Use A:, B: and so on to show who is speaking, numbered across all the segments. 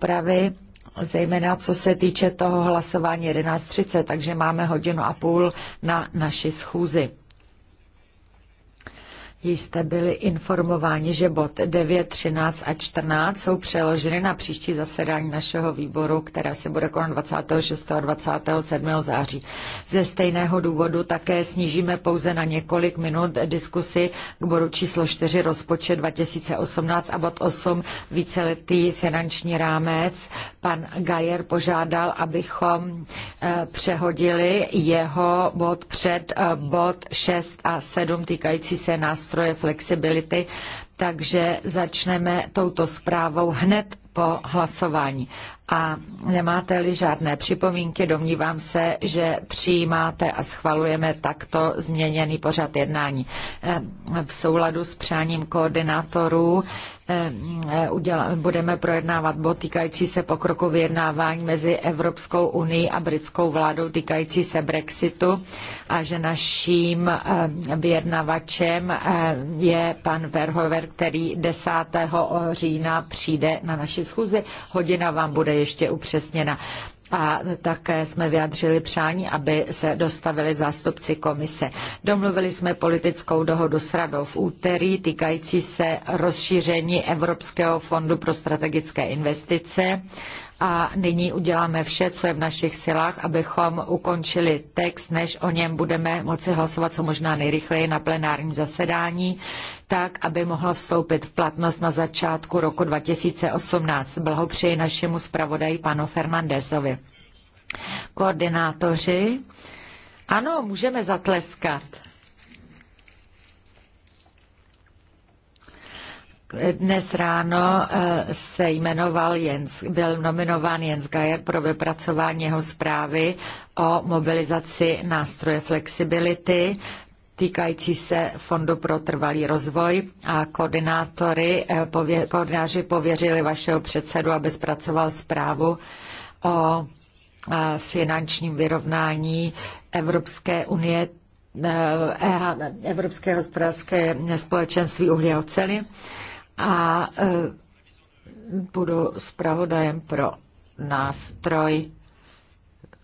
A: úpravy, zejména co se týče toho hlasování 11.30, takže máme hodinu a půl na naši schůzi jste byli informováni, že bod 9, 13 a 14 jsou přeloženy na příští zasedání našeho výboru, které se bude konat 26. a 27. září. Ze stejného důvodu také snížíme pouze na několik minut diskusi k bodu číslo 4 rozpočet 2018 a bod 8 víceletý finanční rámec. Pan Gajer požádal, abychom eh, přehodili jeho bod před eh, bod 6 a 7 týkající se nás nástroje flexibility, takže začneme touto zprávou hned po hlasování. A nemáte-li žádné připomínky, domnívám se, že přijímáte a schvalujeme takto změněný pořad jednání. Eh, v souladu s přáním koordinátorů eh, budeme projednávat bod týkající se pokroku vyjednávání mezi Evropskou unii a britskou vládou týkající se Brexitu a že naším eh, vyjednavačem je pan Verhoever, který 10. října přijde na naši schůzi. Hodina vám bude ještě upřesněna. A také jsme vyjadřili přání, aby se dostavili zástupci komise. Domluvili jsme politickou dohodu s radou v úterý týkající se rozšíření Evropského fondu pro strategické investice a nyní uděláme vše, co je v našich silách, abychom ukončili text, než o něm budeme moci hlasovat co možná nejrychleji na plenárním zasedání, tak, aby mohlo vstoupit v platnost na začátku roku 2018. Blahopřeji našemu zpravodaji panu Fernandezovi. Koordinátoři, ano, můžeme zatleskat. Dnes ráno eh, se jmenoval Jens, byl nominován Jens Geier pro vypracování jeho zprávy o mobilizaci nástroje flexibility týkající se Fondu pro trvalý rozvoj a koordinátory, eh, pově, koordináři pověřili vašeho předsedu, aby zpracoval zprávu o eh, finančním vyrovnání Evropské unie e Evropské hospodářské společenství uhlí a oceli a e, budu zpravodajem pro nástroj,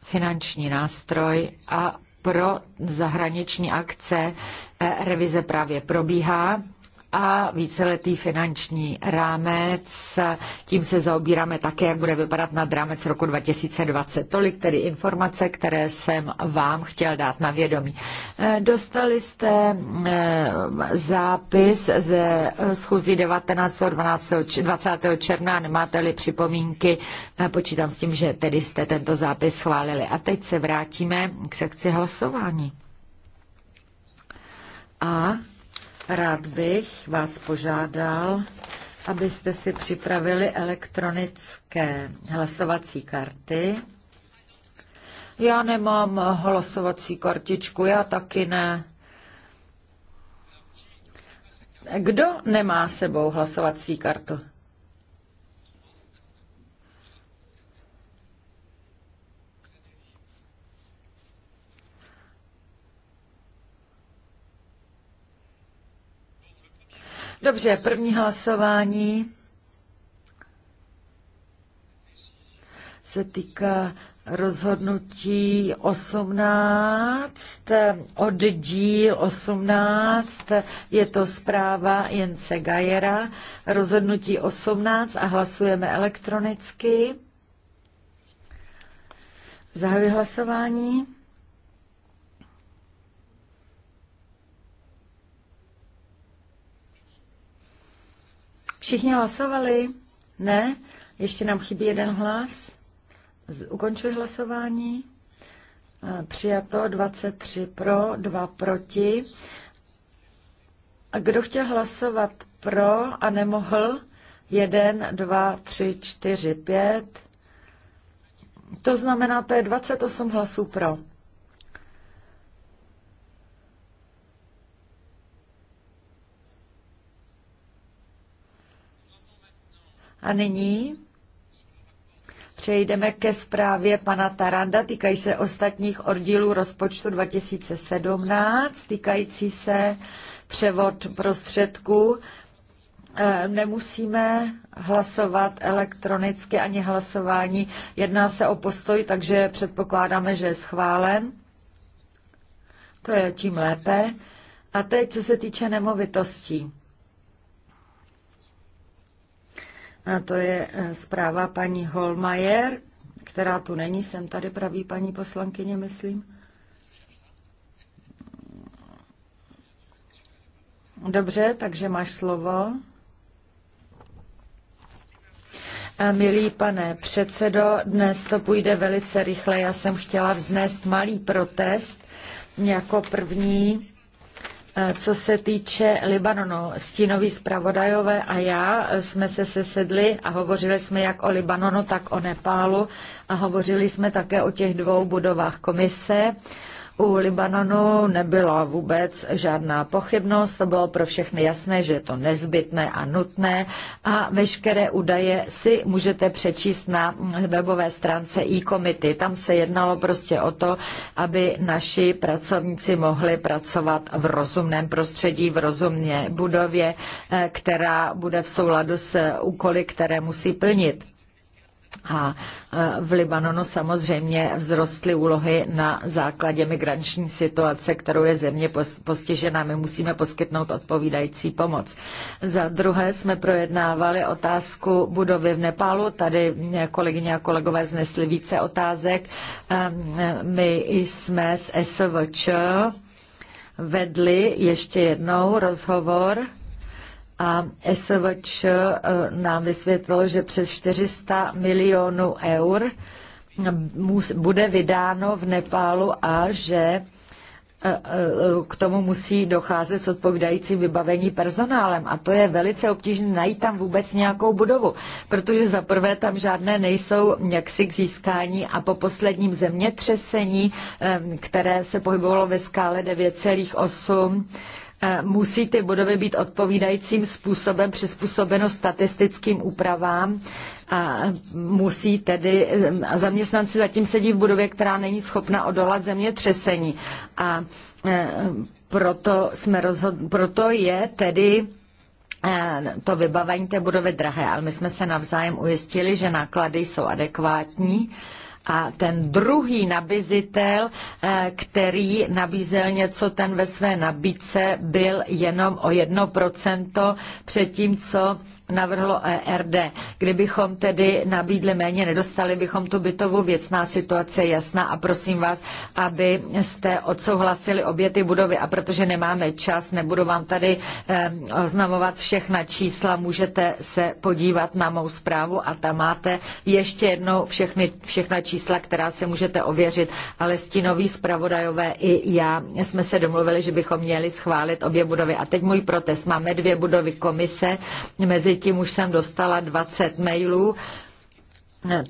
A: finanční nástroj a pro zahraniční akce e, revize právě probíhá a víceletý finanční rámec. Tím se zaobíráme také, jak bude vypadat nad rámec roku 2020. Tolik tedy informace, které jsem vám chtěl dát na vědomí. Eh, dostali jste eh, zápis ze schůzí 19. 12. 20. června. Nemáte-li připomínky, eh, počítám s tím, že tedy jste tento zápis schválili. A teď se vrátíme k sekci hlasování. A Rád bych vás požádal, abyste si připravili elektronické hlasovací karty. Já nemám hlasovací kartičku, já taky ne. Kdo nemá sebou hlasovací kartu? Dobře, první hlasování se týká rozhodnutí 18, oddíl 18, je to zpráva Jence Gajera, rozhodnutí 18 a hlasujeme elektronicky. Zahajuji hlasování. Všichni hlasovali? Ne? Ještě nám chybí jeden hlas. Ukončuji hlasování. Přijato 23 pro, 2 proti. A kdo chtěl hlasovat pro a nemohl? 1, 2, 3, 4, 5. To znamená, to je 28 hlasů pro. A nyní přejdeme ke zprávě pana Taranda, týkají se ostatních oddílů rozpočtu 2017, týkající se převod prostředků. E, nemusíme hlasovat elektronicky ani hlasování. Jedná se o postoj, takže předpokládáme, že je schválen. To je tím lépe. A teď, co se týče nemovitostí. A to je eh, zpráva paní Holmajer, která tu není, jsem tady pravý paní poslankyně, myslím. Dobře, takže máš slovo. Milý pane předsedo, dnes to půjde velice rychle. Já jsem chtěla vznést malý protest jako první Eh, co se týče Libanonu, stínoví zpravodajové a já eh, jsme se sesedli a hovořili jsme jak o Libanonu, tak o Nepálu a hovořili jsme také o těch dvou budovách komise. U Libanonu nebyla vůbec žádná pochybnost, to bylo pro všechny jasné, že je to nezbytné a nutné a veškeré údaje si můžete přečíst na webové stránce e-komity. Tam se jednalo prostě o to, aby naši pracovníci mohli pracovat v rozumném prostředí, v rozumné budově, eh, která bude v souladu s úkoly, které musí plnit. A e, v Libanonu samozřejmě vzrostly úlohy na základě migranční situace, kterou je země postižena. My musíme poskytnout odpovídající pomoc. Za druhé jsme projednávali otázku budovy v Nepálu. Tady kolegyně a kolegové znesli více otázek. E, my jsme s SVČ vedli ještě jednou rozhovor a SVČ eh, nám vysvětlilo, že přes 400 milionů eur eh, bude vydáno v Nepálu a že eh, k tomu musí docházet s odpovídajícím vybavení personálem a to je velice obtížné najít tam vůbec nějakou budovu, protože za prvé tam žádné nejsou jaksi k získání a po posledním zemětřesení, které se pohybovalo ve skále 9,8, E, musí ty budovy být odpovídajícím způsobem přizpůsobeno statistickým úpravám a musí tedy, e, a zaměstnanci zatím sedí v budově, která není schopna odolat zemětřesení. A e, proto, jsme rozhod, proto je tedy to vybavení té budovy drahé, ale my jsme se navzájem ujistili, že náklady jsou adekvátní. A ten druhý nabizitel, eh, který nabízel něco, ten ve své nabídce byl jenom o 1%, předtím co navrhlo ERD. Kdybychom tedy nabídli méně, nedostali bychom tu bytovou věcná situace je jasná a prosím vás, aby jste odsouhlasili obě ty budovy a protože nemáme čas, nebudu vám tady eh, oznamovat všechna čísla, můžete se podívat na mou zprávu a tam máte ještě jednou všechny, všechna čísla, která si můžete ověřit, ale stínoví zpravodajové i já jsme se domluvili, že bychom měli schválit obě budovy. A teď můj protest. Máme dvě budovy komise mezi předtím už jsem dostala 20 mailů,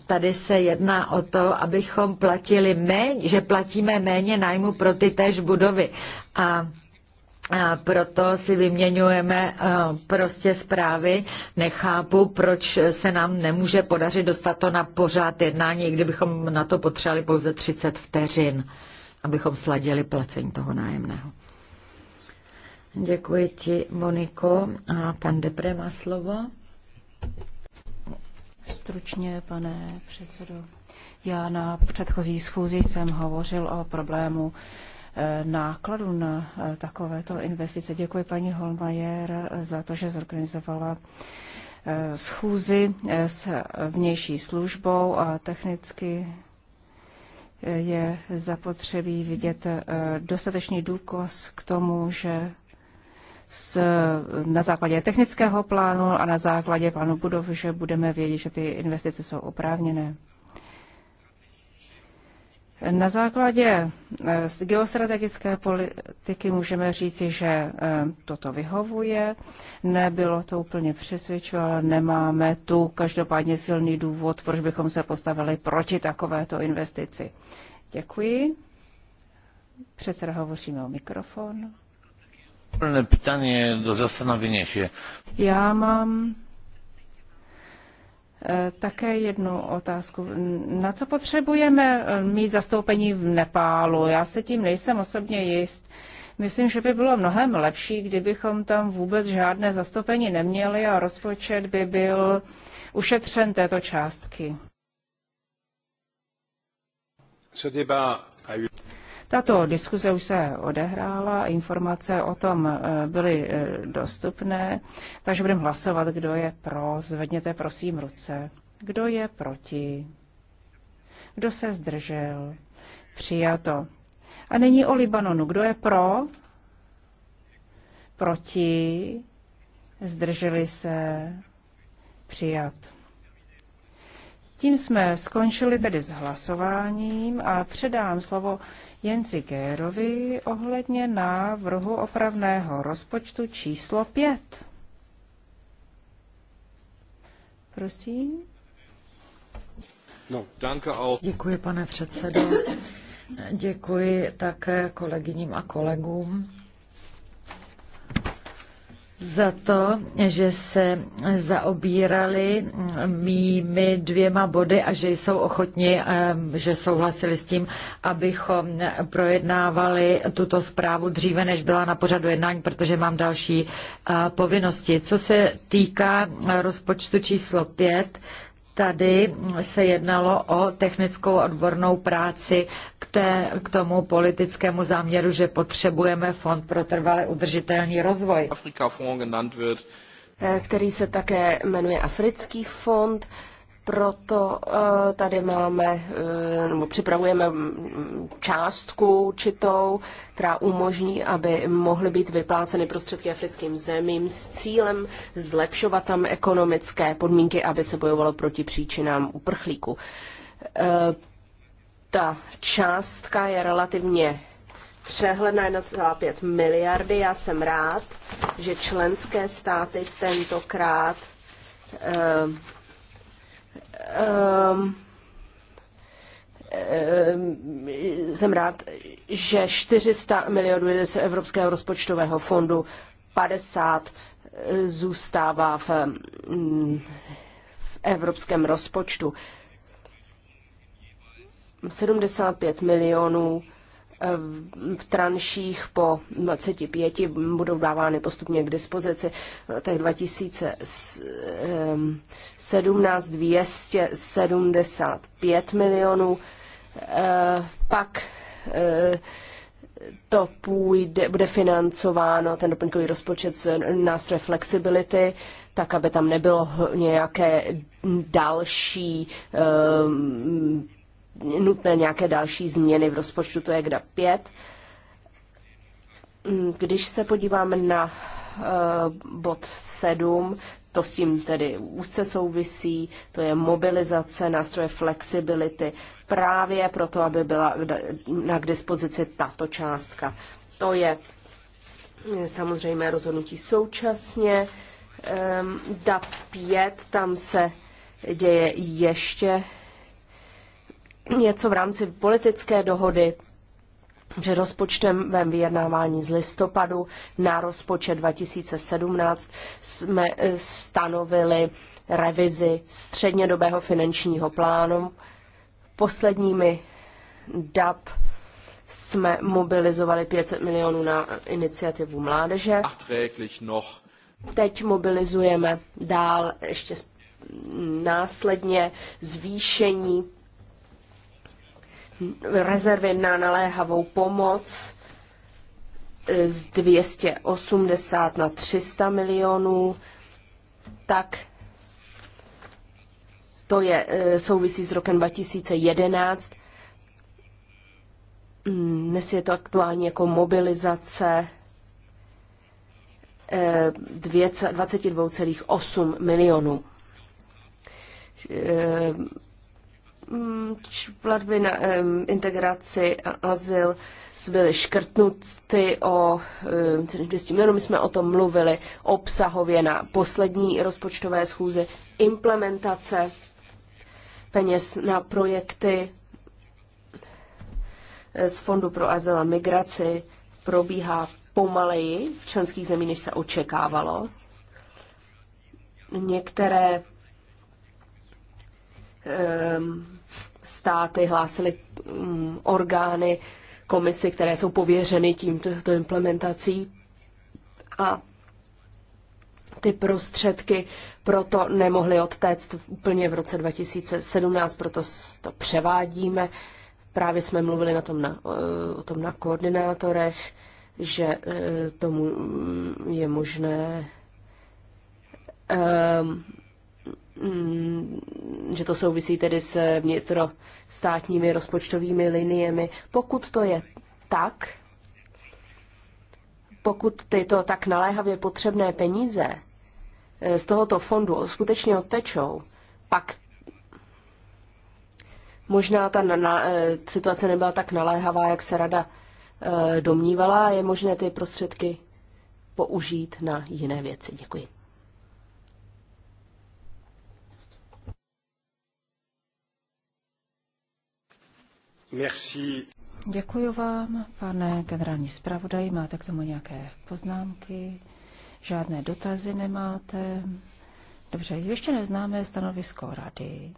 A: Tady se jedná o to, abychom platili méně, že platíme méně nájmu pro ty též budovy. A a proto si vyměňujeme prostě zprávy. Nechápu, proč se nám nemůže podařit dostat to na pořád jednání, kdybychom na to potřebovali pouze 30 vteřin, abychom sladili placení toho nájemného. Děkuji ti, Moniko. A pan Depre má slovo.
B: Stručně, pane předsedo. Já na předchozí schůzi jsem hovořil o problému eh, nákladu na eh, takovéto investice. Děkuji paní Holmajer za to, že zorganizovala eh, schůzi s vnější službou a technicky je zapotřebí vidět dostatečný důkaz k tomu, že s, na základě technického plánu a na základě plánu budov, že budeme vědět, že ty investice jsou oprávněné. Na základě eh, geostrategické politiky můžeme říci, že eh, toto vyhovuje. Nebylo to úplně přesvědčivé, ale nemáme tu každopádně silný důvod, proč bychom se postavili proti takovéto investici. Děkuji. Předseda hovoříme o mikrofonu.
A: Pytanie do zastanowienia się.
B: Já mám e, také jednu otázku. Na co potřebujeme e, mít zastoupení v Nepálu? Já se tím nejsem osobně jist. Myslím, že by bylo mnohem lepší, kdybychom tam vůbec žádné zastoupení neměli a rozpočet by byl ušetřen této částky.
C: Ce débat a eu...
B: Tato diskuze už se odehrála, informace o tom eh, byly eh, dostupné, takže budeme hlasovat, kdo je pro. Zvedněte prosím ruce. Kdo je proti? Kdo se zdržel? Přijato. A není o Libanonu. Kdo je pro? Proti? Zdrželi se? Přijat. Tím jsme skončili tedy s hlasováním a předám slovo Jenci Gérovi ohledně návrhu opravného rozpočtu číslo 5. Prosím.
A: No, danke auch. Děkuji, pane předsedo. Děkuji také kolegyním a kolegům za to, že se zaobírali mými dvěma body a že jsou ochotni, že souhlasili s tím, abychom projednávali tuto zprávu dříve, než byla na pořadu jednání, protože mám další povinnosti. Co se týká rozpočtu číslo 5, Tady se jednalo o technickou odbornou práci k, té, k tomu politickému záměru, že potřebujeme fond pro trvalý udržitelný rozvoj,
C: eh, který se také jmenuje Africký fond. Proto eh, tady máme, eh, nebo připravujeme částku určitou, která umožní, aby mohly být vypláceny prostředky africkým zemím s cílem zlepšovat tam ekonomické podmínky, aby se bojovalo proti příčinám uprchlíku. Eh, ta částka je relativně přehledná, na 1,5 miliardy. Já jsem rád, že členské státy tentokrát Um, jsem rád, že 400 milionů z Evropského rozpočtového fondu, 50 eh, zůstává v, mm, v evropském rozpočtu. 75 milionů v tranších po 25 budou dávány postupně k dispozici. V letech 2017 275 milionů, eh, pak eh, to půjde, bude financováno, ten doplňkový rozpočet z nástroje flexibility, tak aby tam nebylo nějaké další eh, nutné nějaké další změny v rozpočtu, to je GDA 5. Mm, když se podíváme na eh, bod 7, to s tím tedy úzce souvisí, to je mobilizace nástroje flexibility právě proto, aby byla na k dispozici tato částka. To je mm, samozřejmě rozhodnutí současně. DAP ehm, 5, tam se děje ještě něco v rámci politické dohody že rozpočtem ve vyjednávání z listopadu na rozpočet 2017 jsme eh, stanovili revizi střednědobého finančního plánu. Posledními DAP jsme mobilizovali 500 milionů na iniciativu mládeže. Teď mobilizujeme dál ještě následně zvýšení rezervy na naléhavou pomoc eh, z 280 na 300 milionů, tak to je, eh, souvisí s rokem 2011. Hmm, dnes je to aktuální jako mobilizace 22,8 eh, milionů platby na um, integraci a azyl byly škrtnuty o um, 200 milionů. My jsme o tom mluvili obsahově na poslední rozpočtové schůzi. Implementace peněz na projekty z Fondu pro azyl a migraci probíhá pomaleji v členských zemí, než se očekávalo. Některé um, státy hlásily um, orgány komisy, které jsou pověřeny tímto implementací. A ty prostředky proto nemohly odtéct úplně v roce 2017, proto to převádíme. Právě jsme mluvili na tom na, o tom na koordinátorech, že e, tomu mm, je možné e, Mm, že to souvisí tedy s vnitrostátními rozpočtovými liniemi. Pokud to je tak, pokud tyto tak naléhavě potřebné peníze eh, z tohoto fondu skutečně odtečou, pak možná ta na, na, eh, situace nebyla tak naléhavá, jak se rada eh, domnívala, je možné ty prostředky použít na jiné věci. Děkuji.
B: Merci. Děkuji vám, pane generální zpravodaj. Máte k tomu nějaké poznámky? Žádné dotazy nemáte? Dobře, ještě neznáme stanovisko rady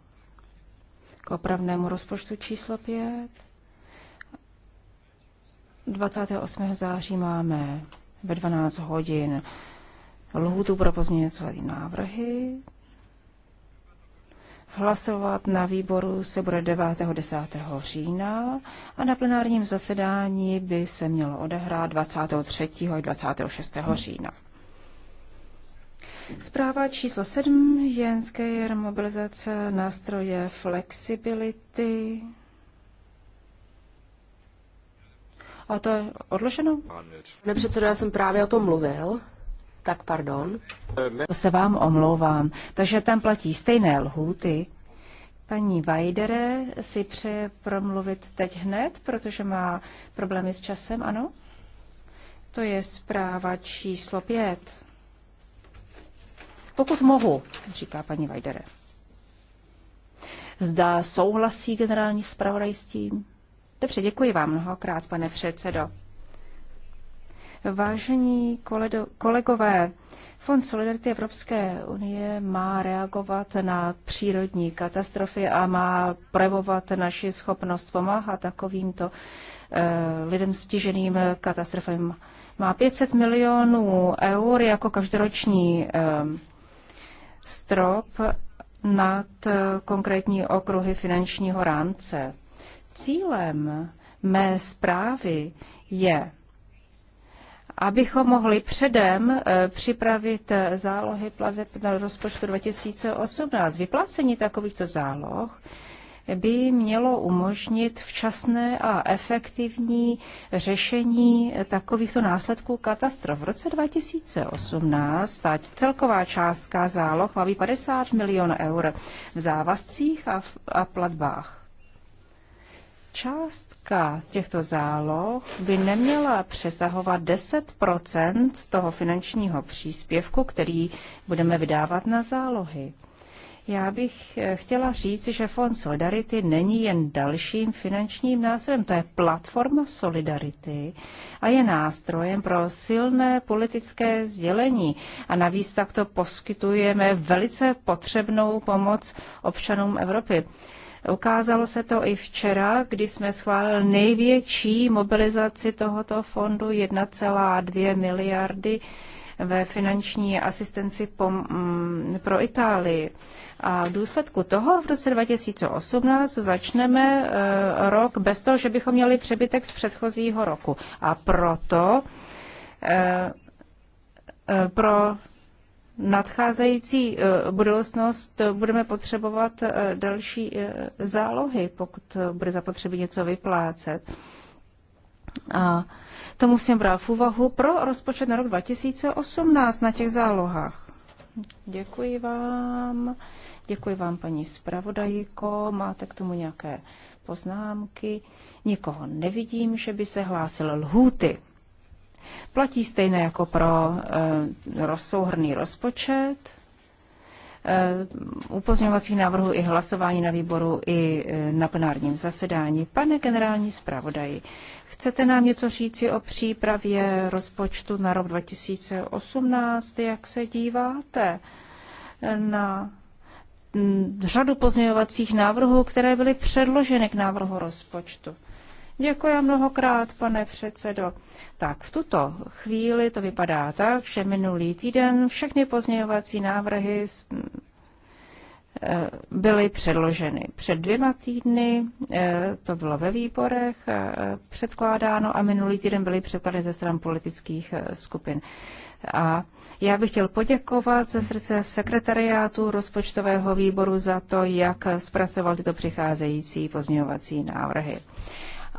B: k opravnému rozpočtu číslo 5. 28. září máme ve 12 hodin lhůtu pro pozměňovací návrhy. Hlasovat na výboru se bude 9. 10. října a na plenárním zasedání by se mělo odehrát 23. a 26. října. Zpráva číslo 7. Jenské mobilizace nástroje flexibility. A to je odloženo? Pane předsedo, já jsem právě o tom mluvil. Tak pardon. To se vám omlouvám. Takže tam platí stejné lhůty. Paní Vajdere si přeje promluvit teď hned, protože má problémy s časem, ano? To je zpráva číslo pět. Pokud mohu, říká paní Vajdere. Zda souhlasí generální zpravodaj s tím? Dobře, děkuji vám mnohokrát, pane předsedo. Vážení kolegové, Fond Solidarity Evropské unie má reagovat na přírodní katastrofy a má projevovat naši schopnost pomáhat takovýmto eh, lidem stiženým katastrofem. Má 500 milionů eur jako každoroční eh, strop nad eh, konkrétní okruhy finančního rámce. Cílem mé zprávy je abychom mohli předem eh, připravit eh, zálohy plaveb na rozpočtu 2018. Vyplácení takovýchto záloh by mělo umožnit včasné a efektivní řešení takovýchto následků katastrof. V roce 2018 ta celková částka záloh má být 50 milionů eur v závazcích a, v, a platbách. Částka těchto záloh by neměla přesahovat 10 toho finančního příspěvku, který budeme vydávat na zálohy. Já bych eh, chtěla říct, že Fond Solidarity není jen dalším finančním nástrojem, to je platforma Solidarity a je nástrojem pro silné politické sdělení. A navíc takto poskytujeme velice potřebnou pomoc občanům Evropy. Ukázalo se to i včera, kdy jsme schválili největší mobilizaci tohoto fondu 1,2 miliardy ve finanční asistenci mm, pro Itálii. A v důsledku toho v roce 2018 začneme eh, rok bez toho, že bychom měli přebytek z předchozího roku. A proto eh, eh, pro nadcházející eh, budoucnost eh, budeme potřebovat eh, další zálohy, pokud bude zapotřebí něco vyplácet. A to musím brát v úvahu pro rozpočet na rok 2018 na těch zálohách. Děkuji vám. Děkuji vám, paní zpravodajko. Máte k tomu nějaké poznámky? Nikoho nevidím, že by se hlásil lhůty. Platí stejné jako pro eh, rozsouhrný rozpočet. Eh, u upozňovacích návrhů i hlasování na výboru, i eh, na plenárním zasedání. Pane generální zpravodaji, chcete nám něco říci o přípravě rozpočtu na rok 2018? Jak se díváte na mm, řadu pozměňovacích návrhů, které byly předloženy k návrhu rozpočtu? Děkuji mnohokrát, pane předsedo. Tak v tuto chvíli to vypadá tak, že minulý týden všechny pozměňovací návrhy eh, byly předloženy. Před dvěma týdny eh, to bylo ve výborech eh, předkládáno a minulý týden byly překlady ze stran politických skupin. A já bych chtěl poděkovat ze srdce sekretariátu rozpočtového výboru za to, jak zpracoval tyto přicházející pozměňovací návrhy.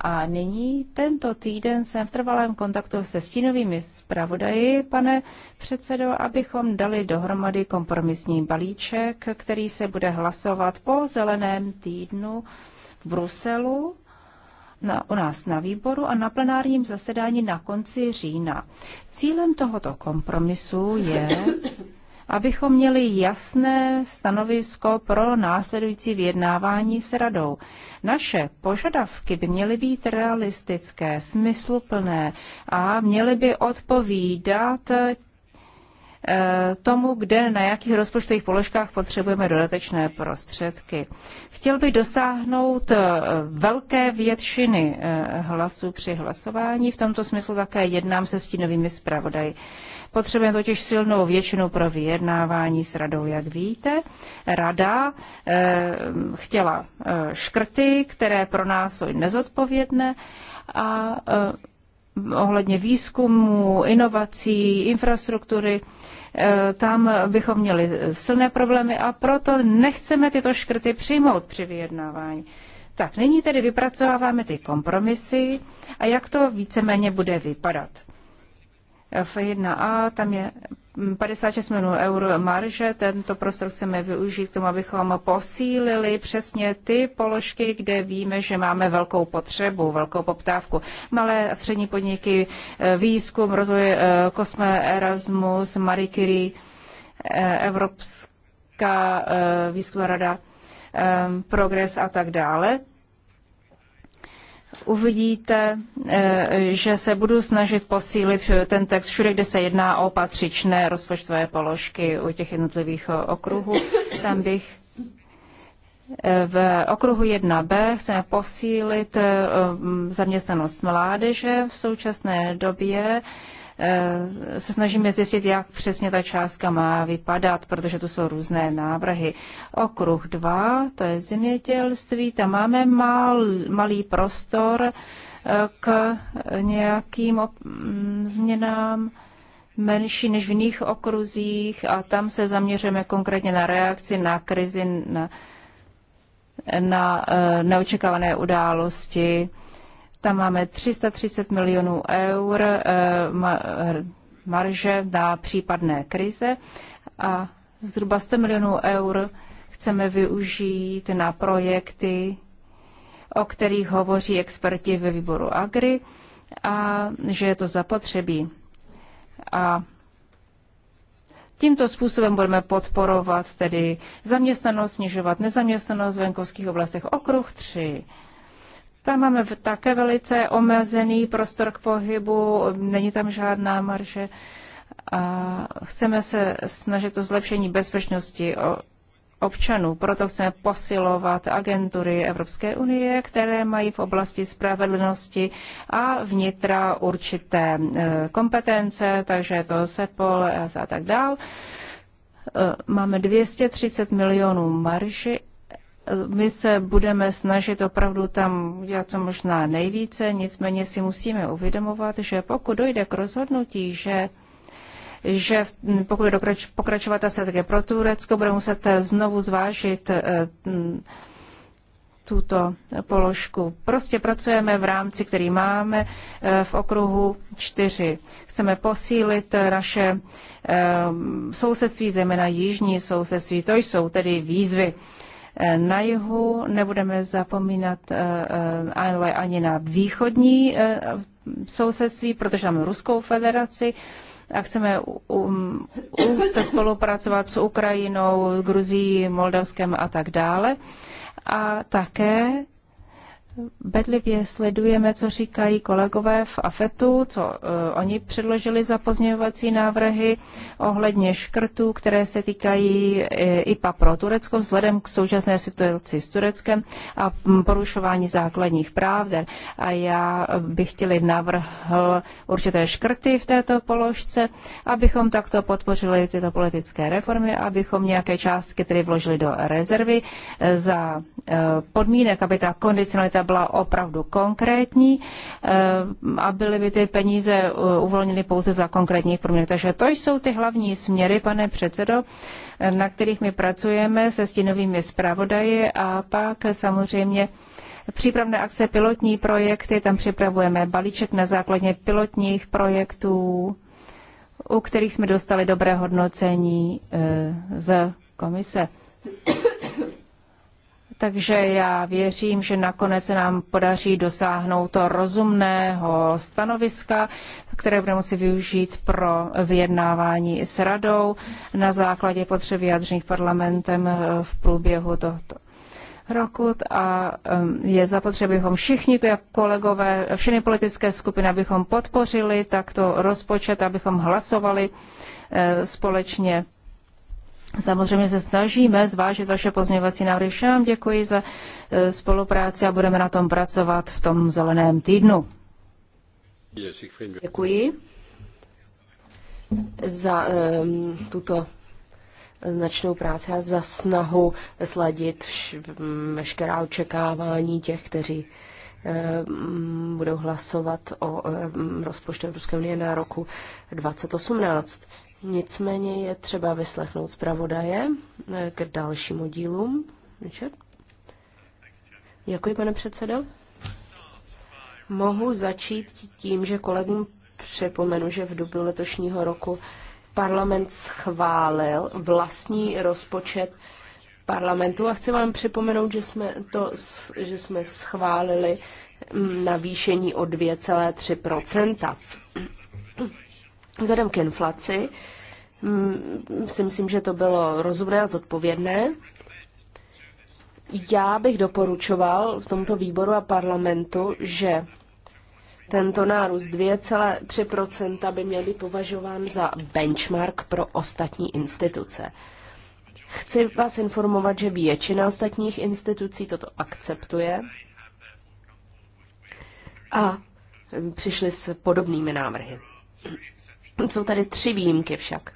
B: A nyní tento týden jsem v trvalém kontaktu se stínovými zpravodaji, pane předsedo, abychom dali dohromady kompromisní balíček, který se bude hlasovat po zeleném týdnu v Bruselu na, u nás na výboru a na plenárním zasedání na konci října. Cílem tohoto kompromisu je abychom měli jasné stanovisko pro následující vyjednávání s radou. Naše požadavky by měly být realistické, smysluplné a měly by odpovídat eh, tomu, kde na jakých rozpočtových položkách potřebujeme dodatečné prostředky. Chtěl bych dosáhnout eh, velké většiny eh, hlasů při hlasování. V tomto smyslu také jednám se stínovými zpravodaji. Potřebujeme totiž silnou většinu pro vyjednávání s radou, jak víte. Rada e, chtěla e, škrty, které pro nás jsou nezodpovědné a e, ohledně výzkumu, inovací, infrastruktury, tam bychom měli silné problémy a proto nechceme tyto škrty přijmout při vyjednávání. Tak nyní tedy vypracováváme ty kompromisy a jak to víceméně bude vypadat f 1A, tam je 56 milionů eur marže. Tento prostor chceme využít k tomu, abychom posílili přesně ty položky, kde víme, že máme velkou potřebu, velkou poptávku. Malé a střední podniky, eh, výzkum, rozvoj eh, Kosme Erasmus, Marie Curie, eh, Evropská výzkumná rada, Progres a tak dále uvidíte, eh, že se budu snažit posílit ten text všude, kde se jedná o patřičné rozpočtové položky u těch jednotlivých okruhů. Tam bych eh, v okruhu 1b chceme posílit eh, zaměstnanost mládeže v současné době Eh, se snažíme zjistit, jak přesně ta částka má vypadat, protože tu jsou různé návrhy. Okruh 2, to je zemědělství, tam máme mal, malý prostor eh, k nějakým mm, změnám menší než v jiných okruzích a tam se zaměřujeme konkrétně na reakci na krizi, na, na eh, neočekávané události tam máme 330 milionů eur eh, eh, marže na případné krize a zhruba 100 milionů eur chceme využít na projekty, o kterých hovoří experti ve výboru Agri a že je to zapotřebí. A tímto způsobem budeme podporovat tedy zaměstnanost, snižovat nezaměstnanost v venkovských oblastech okruh 3 tam máme také velice omezený prostor k pohybu, není tam žádná marže. A chceme se snažit o zlepšení bezpečnosti občanů. Proto chceme posilovat agentury Evropské unie, které mají v oblasti spravedlnosti a vnitra určité e, kompetence, takže to SEPOL a tak dál. E, máme 230 milionů marži my se budeme snažit opravdu tam dělat co možná nejvíce, nicméně si musíme uvědomovat, že pokud dojde k rozhodnutí, že že pokud je pokračovat ta také pro Turecko, bude muset znovu zvážit eh, tuto položku. Prostě pracujeme v rámci, který máme eh, v okruhu čtyři. Chceme posílit naše eh, sousedství, zejména jižní sousedství. To jsou tedy výzvy, Eh, na jihu, nebudeme zapomínat eh, eh, ale ani na východní sousedství, protože máme Ruskou federaci a chceme um, um, se spolupracovat s Ukrajinou, Gruzí, Moldavskem a tak dále. A také bedlivě sledujeme, co říkají kolegové v AFETu, co uh, oni předložili za pozměňovací návrhy ohledně škrtů, které se týkají eh, IPA pro Turecko vzhledem k současné situaci s Tureckem a mm, porušování základních práv. A já bych chtěli navrhl určité škrty v této položce, abychom takto podpořili tyto politické reformy, abychom nějaké částky tedy vložili do rezervy eh, za uh, podmínek, aby ta kondicionalita ta byla opravdu konkrétní eh, a byly by ty peníze eh, uvolněny pouze za konkrétních podmínek. Takže to jsou ty hlavní směry, pane předsedo, eh, na kterých my pracujeme se stínovými zpravodaji a pak samozřejmě přípravné akce, pilotní projekty, tam připravujeme balíček na základě pilotních projektů, u kterých jsme dostali dobré hodnocení z komise. Takže já věřím, že nakonec se nám podaří dosáhnout to rozumného stanoviska, které budeme muset využít pro vyjednávání s radou na základě potřeby vyjadřených parlamentem eh, v průběhu tohoto roku a eh, je zapotřebí, abychom všichni jak kolegové, všechny politické skupiny, abychom podpořili takto rozpočet, abychom hlasovali eh, společně Samozřejmě se snažíme zvážit vaše pozměňovací návrhy. Všem děkuji za eh, spolupráci a budeme na tom pracovat v tom zeleném týdnu. Děkuji
C: za um, tuto značnou práci a za snahu sladit mm, veškerá očekávání těch, kteří um, budou hlasovat o um, rozpočtu Evropské unie na roku 2018. Nicméně je třeba vyslechnout zpravodaje eh, k dalšímu dílům. Richard? Děkuji, pane předsedo. Mohu začít tím, že kolegům připomenu, že v dubnu letošního roku parlament schválil vlastní rozpočet parlamentu a chci vám připomenout, že jsme, to, že jsme schválili mm, navýšení o 2,3 Vzhledem k inflaci mm, si myslím, že to bylo rozumné a zodpovědné. Já bych doporučoval v tomto výboru a parlamentu, že tento nárůst 2,3 by měl být považován za benchmark pro ostatní instituce. Chci vás informovat, že většina ostatních institucí toto akceptuje a přišli s podobnými návrhy. Jsou tady tři výjimky však.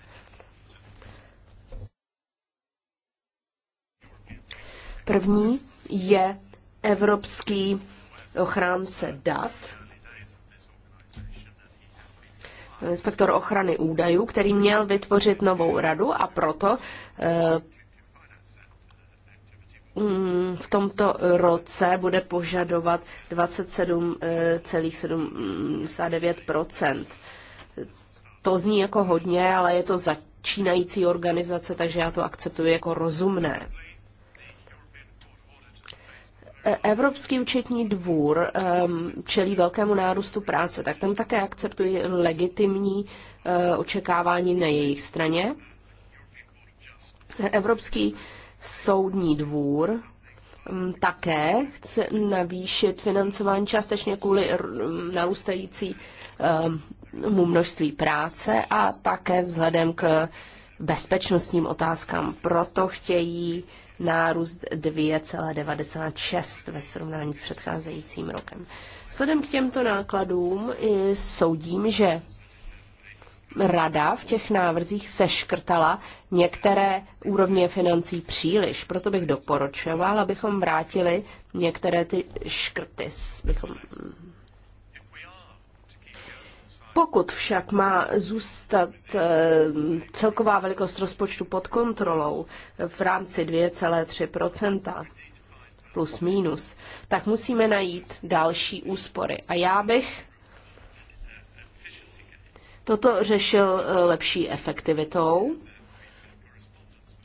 C: První je Evropský ochránce dat, inspektor ochrany údajů, který měl vytvořit novou radu a proto eh, mm, v tomto roce bude požadovat 27,79 to zní jako hodně, ale je to začínající organizace, takže já to akceptuji jako rozumné. E, Evropský účetní dvůr um, čelí velkému nárůstu práce, tak tam také akceptuji legitimní uh, očekávání na jejich straně. Evropský soudní dvůr um, také chce navýšit financování částečně kvůli narůstající um, mu množství práce a také vzhledem k bezpečnostním otázkám. Proto chtějí nárůst 2,96 ve srovnání s předcházejícím rokem. Vzhledem k těmto nákladům soudím, že rada v těch návrzích seškrtala některé úrovně financí příliš. Proto bych doporučoval, abychom vrátili některé ty škrty, bychom pokud však má zůstat eh, celková velikost rozpočtu pod kontrolou v rámci 2,3 plus minus, tak musíme najít další úspory. A já bych toto řešil eh, lepší efektivitou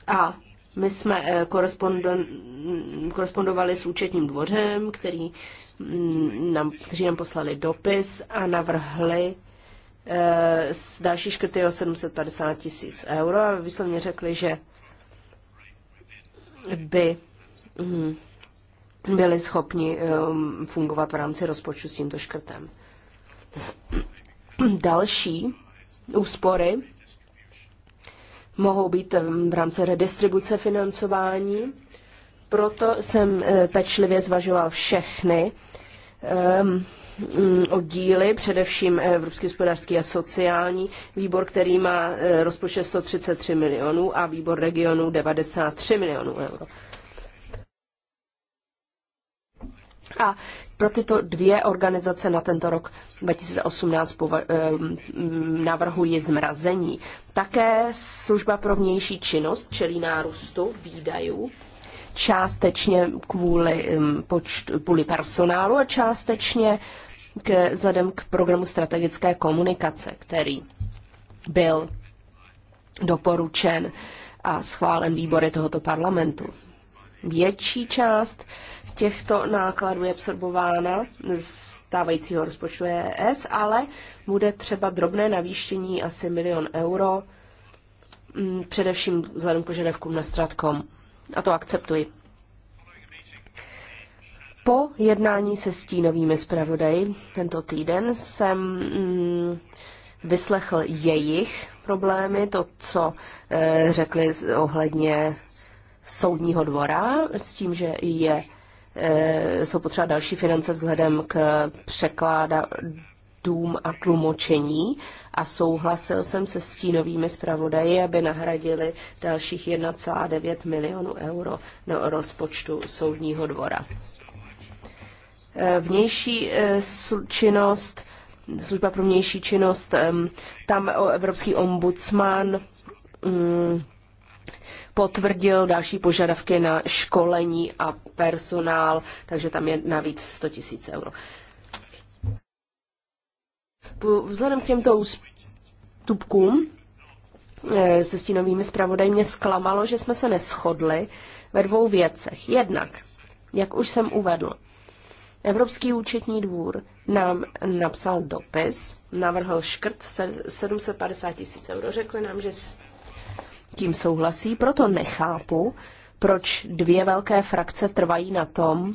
C: a my jsme eh, korespondovali s účetním dvořem, který mm, nám, kteří nám poslali dopis a navrhli Eh, s další škrty o 750 tisíc euro a vyslovně řekli, že by mm, byli schopni ehm, fungovat v rámci rozpočtu s tímto škrtem. Další úspory mohou být ehm, v rámci redistribuce financování. Proto jsem eh, pečlivě zvažoval všechny ehm, Mm, oddíly, především Evropský hospodářský a sociální výbor, který má eh, rozpočet 133 milionů a výbor regionů 93 milionů euro. A pro tyto dvě organizace na tento rok 2018 pova- eh, mm, navrhuji zmrazení. Také služba pro vnější činnost čelí nárůstu výdajů částečně kvůli, mm, počtu, kvůli personálu a částečně k, vzhledem k programu strategické komunikace, který byl doporučen a schválen výbory tohoto parlamentu. Větší část těchto nákladů je absorbována z stávajícího rozpočtu ES, ale bude třeba drobné navýštění asi milion euro, mm, především vzhledem k požadavkům na Stratcom. A to akceptuji. Po jednání se stínovými zpravodaji tento týden jsem mm, vyslechl jejich problémy, to, co eh, řekli ohledně soudního dvora, s tím, že je, eh, jsou potřeba další finance vzhledem k dům a tlumočení a souhlasil jsem se stínovými zpravodaji, aby nahradili dalších 1,9 milionů euro do rozpočtu soudního dvora. Eh, vnější eh, činnost, služba pro vnější činnost, tam evropský ombudsman mm, potvrdil další požadavky na školení a personál, takže tam je navíc 100 000 euro. Vzhledem k těmto ústupkům eh, se stínovými zpravodaj mě zklamalo, že jsme se neschodli ve dvou věcech. Jednak, jak už jsem uvedl, Evropský účetní dvůr nám napsal dopis, navrhl škrt 750 tisíc euro, řekli nám, že s tím souhlasí, proto nechápu, proč dvě velké frakce trvají na tom,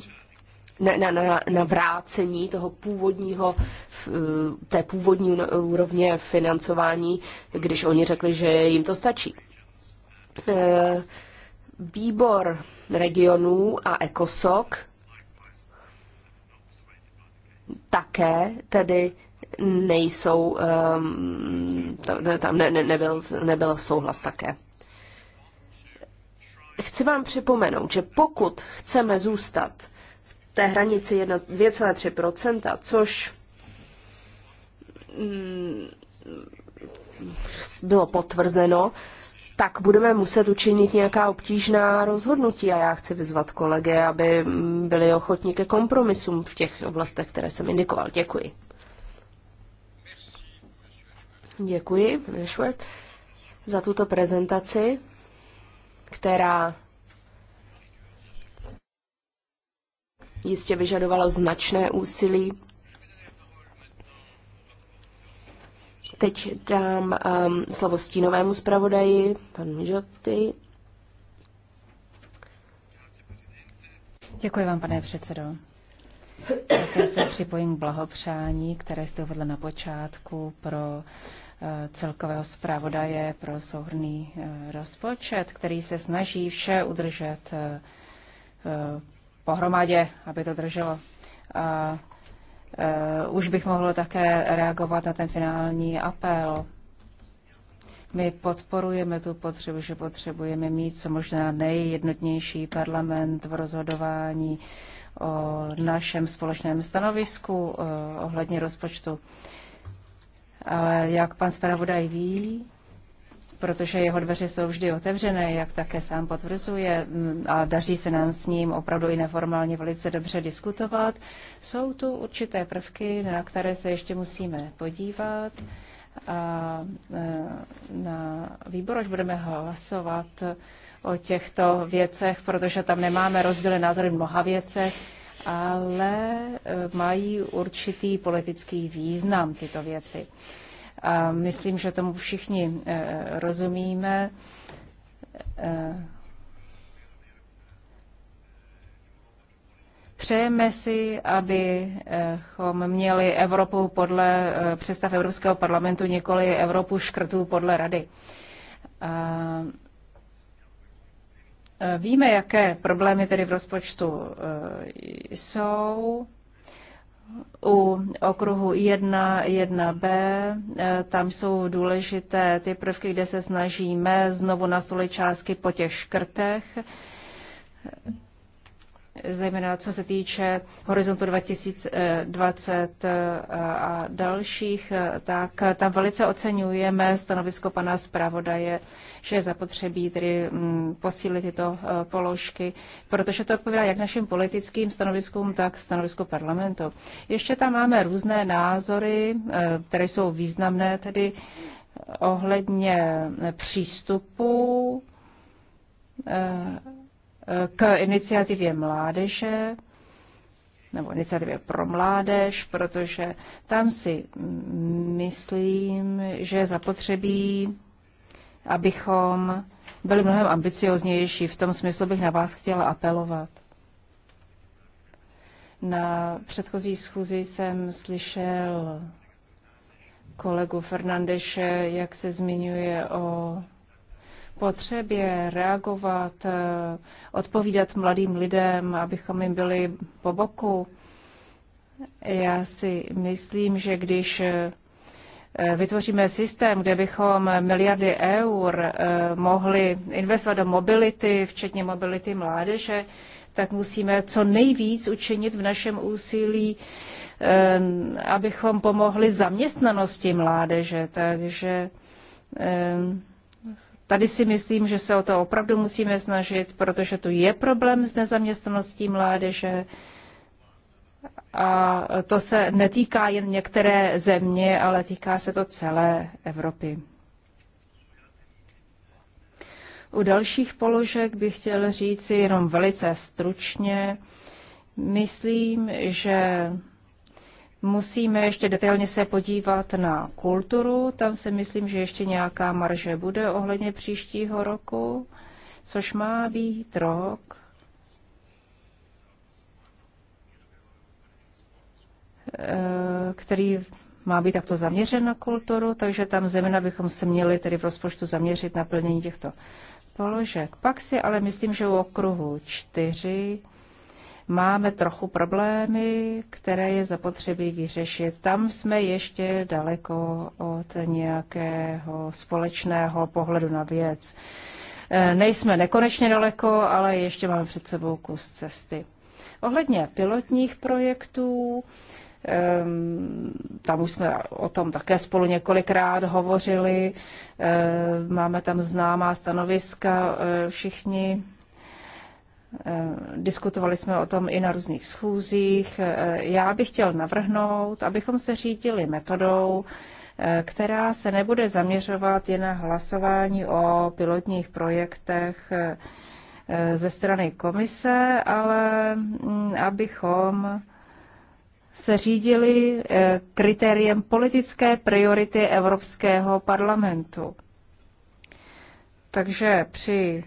C: na, na, na, na vrácení toho původního, eh, té původní úrovně financování, když oni řekli, že jim to stačí. Eh, výbor regionů a ECOSOC také tedy nejsou, ehm, tam ne, ne, nebyl, nebyl souhlas také. Chci vám připomenout, že pokud chceme zůstat v té hranici 2,3%, což mm, bylo potvrzeno tak budeme muset učinit nějaká obtížná rozhodnutí a já chci vyzvat kolegy, aby byli ochotní ke kompromisům v těch oblastech, které jsem indikoval. Děkuji. Děkuji, Ashworth, za tuto prezentaci, která jistě vyžadovala značné úsilí Teď dám um, slovo stínovému zpravodaji, pan Žoty.
B: Děkuji vám, pane předsedo. Také se připojím k blahopřání, které jste uvedl na počátku pro eh, celkového zpravodaje pro souhrný eh, rozpočet, který se snaží vše udržet eh, pohromadě, aby to drželo. A Eh, už bych mohl také reagovat na ten finální apel. My podporujeme tu potřebu, že potřebujeme mít co možná nejjednotnější parlament v rozhodování o našem společném stanovisku eh, ohledně rozpočtu. Ale jak pan zpravodaj ví, protože jeho dveře jsou vždy otevřené, jak také sám potvrzuje, mm, a daří se nám s ním opravdu i neformálně velice dobře diskutovat. Jsou tu určité prvky, na které se ještě musíme podívat. A e, na výboru, až budeme hlasovat o těchto věcech, protože tam nemáme rozdělené názory v mnoha věcech, ale e, mají určitý politický význam tyto věci. A myslím, že tomu všichni eh, rozumíme. Eh, přejeme si, abychom eh, měli Evropu podle představ Evropského parlamentu, nikoli Evropu škrtů podle rady. A víme, jaké problémy tedy v rozpočtu jsou u okruhu 1, 1b, eh, tam jsou důležité ty prvky, kde se snažíme znovu nasolit částky po těch škrtech zejména co se týče horizontu 2020 eh, a dalších, eh, tak tam velice oceňujeme stanovisko pana zpravodaje, že je zapotřebí tedy mm, posílit tyto eh, položky, protože to odpovídá jak našim politickým stanoviskům, tak stanovisku parlamentu. Ještě tam máme různé názory, které jsou významné tedy ohledně přístupu k iniciativě mládeže nebo iniciativě pro mládež, protože tam si myslím, že zapotřebí, abychom byli mnohem ambicioznější. V tom smyslu bych na vás chtěla apelovat. Na předchozí schůzi jsem slyšel kolegu Fernandeše, jak se zmiňuje o potřebě reagovat, eh, odpovídat mladým lidem, abychom jim byli po boku. Já si myslím, že když eh, vytvoříme systém, kde bychom miliardy eur eh, mohli investovat do mobility, včetně mobility mládeže, tak musíme co nejvíc učinit v našem úsilí, abychom pomohli zaměstnanosti mládeže. Takže Tady si myslím, že se o to opravdu musíme snažit, protože tu je problém s nezaměstnaností mládeže. A to se netýká jen některé země, ale týká se to celé Evropy. U dalších položek bych chtěl říci jenom velice stručně. Myslím, že Musíme ještě detailně se podívat na kulturu, tam si myslím, že ještě nějaká marže bude ohledně příštího roku, což má být rok, eh, který má být takto zaměřen na kulturu, takže tam zemina bychom se měli tedy v rozpočtu zaměřit na plnění těchto položek. Pak si ale myslím, že u okruhu čtyři máme trochu problémy, které je zapotřebí vyřešit. Tam jsme ještě daleko od nějakého společného pohledu na věc. E, nejsme nekonečně daleko, ale ještě máme před sebou kus cesty. Ohledně pilotních projektů, tam už jsme o tom také spolu několikrát hovořili. E, máme tam známá stanoviska e, všichni Eh, diskutovali jsme o tom i na různých schůzích. Eh, já bych chtěl navrhnout, abychom se řídili metodou, eh, která se nebude zaměřovat jen na hlasování o pilotních projektech ze strany komise, ale mm, abychom se řídili kritériem politické priority Evropského parlamentu. Takže při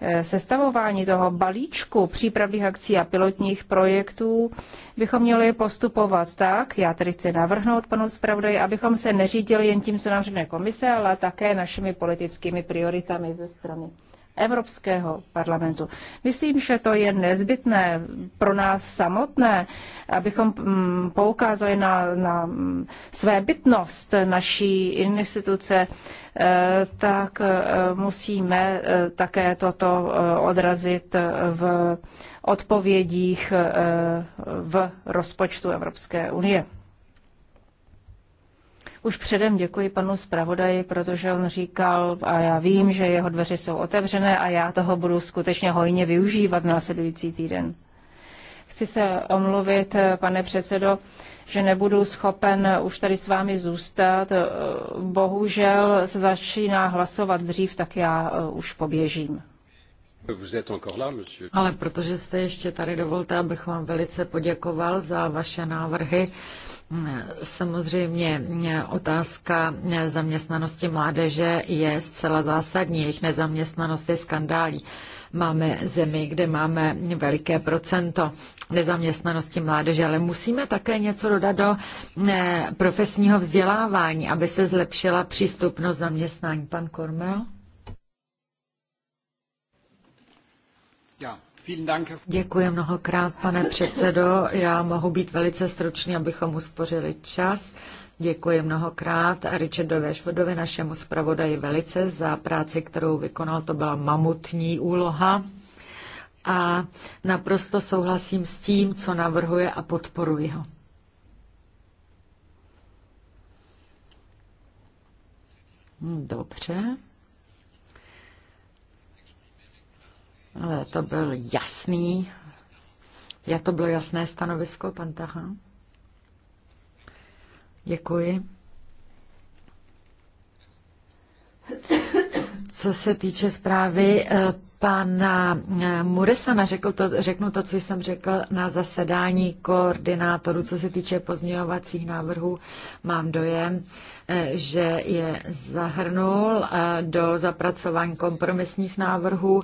B: Eh, sestavování toho balíčku přípravných akcí a pilotních projektů bychom měli postupovat tak, já tedy chci navrhnout panu zpravodaji, abychom se neřídili jen tím, co nám řekne komise, ale také našimi politickými prioritami ze strany Evropského parlamentu. Myslím, že to je nezbytné pro nás samotné, abychom mm, poukázali na, na své bytnost naší instituce, eh, tak eh, musíme eh, také toto odrazit v odpovědích v rozpočtu Evropské unie. Už předem děkuji panu zpravodaji, protože on říkal, a já vím, že jeho dveře jsou otevřené a já toho budu skutečně hojně využívat následující týden. Chci se omluvit, pane předsedo, že nebudu schopen už tady s vámi zůstat. Bohužel se začíná hlasovat dřív, tak já eh, už poběžím.
C: Ale
A: protože jste ještě tady, dovolte, abych vám velice poděkoval za vaše návrhy. Samozřejmě eh, otázka eh, zaměstnanosti mládeže je zcela zásadní. Jejich nezaměstnanost je skandální. Máme zemi, kde máme veliké procento nezaměstnanosti mládeže, ale musíme také něco dodat do eh, profesního vzdělávání, aby se zlepšila přístupnost zaměstnání. Pan Kormel?
B: Já. Děkuji
A: mnohokrát, pane předsedo. Já mohu být velice stručný, abychom uspořili čas. Děkuji mnohokrát Richardovi Švodovi, našemu zpravodaji velice za práci, kterou vykonal. To byla mamutní úloha. A naprosto souhlasím s tím, co navrhuje a podporuji ho. Dobře. To byl jasný, já to bylo jasné stanovisko, pan Taha. Děkuji. Co se týče zprávy eh, pana eh, Muresana, řekl to, řeknu to, co jsem řekl na zasedání koordinátorů, co se týče pozměňovacích návrhů, mám dojem, eh, že je zahrnul do zapracování kompromisních návrhů,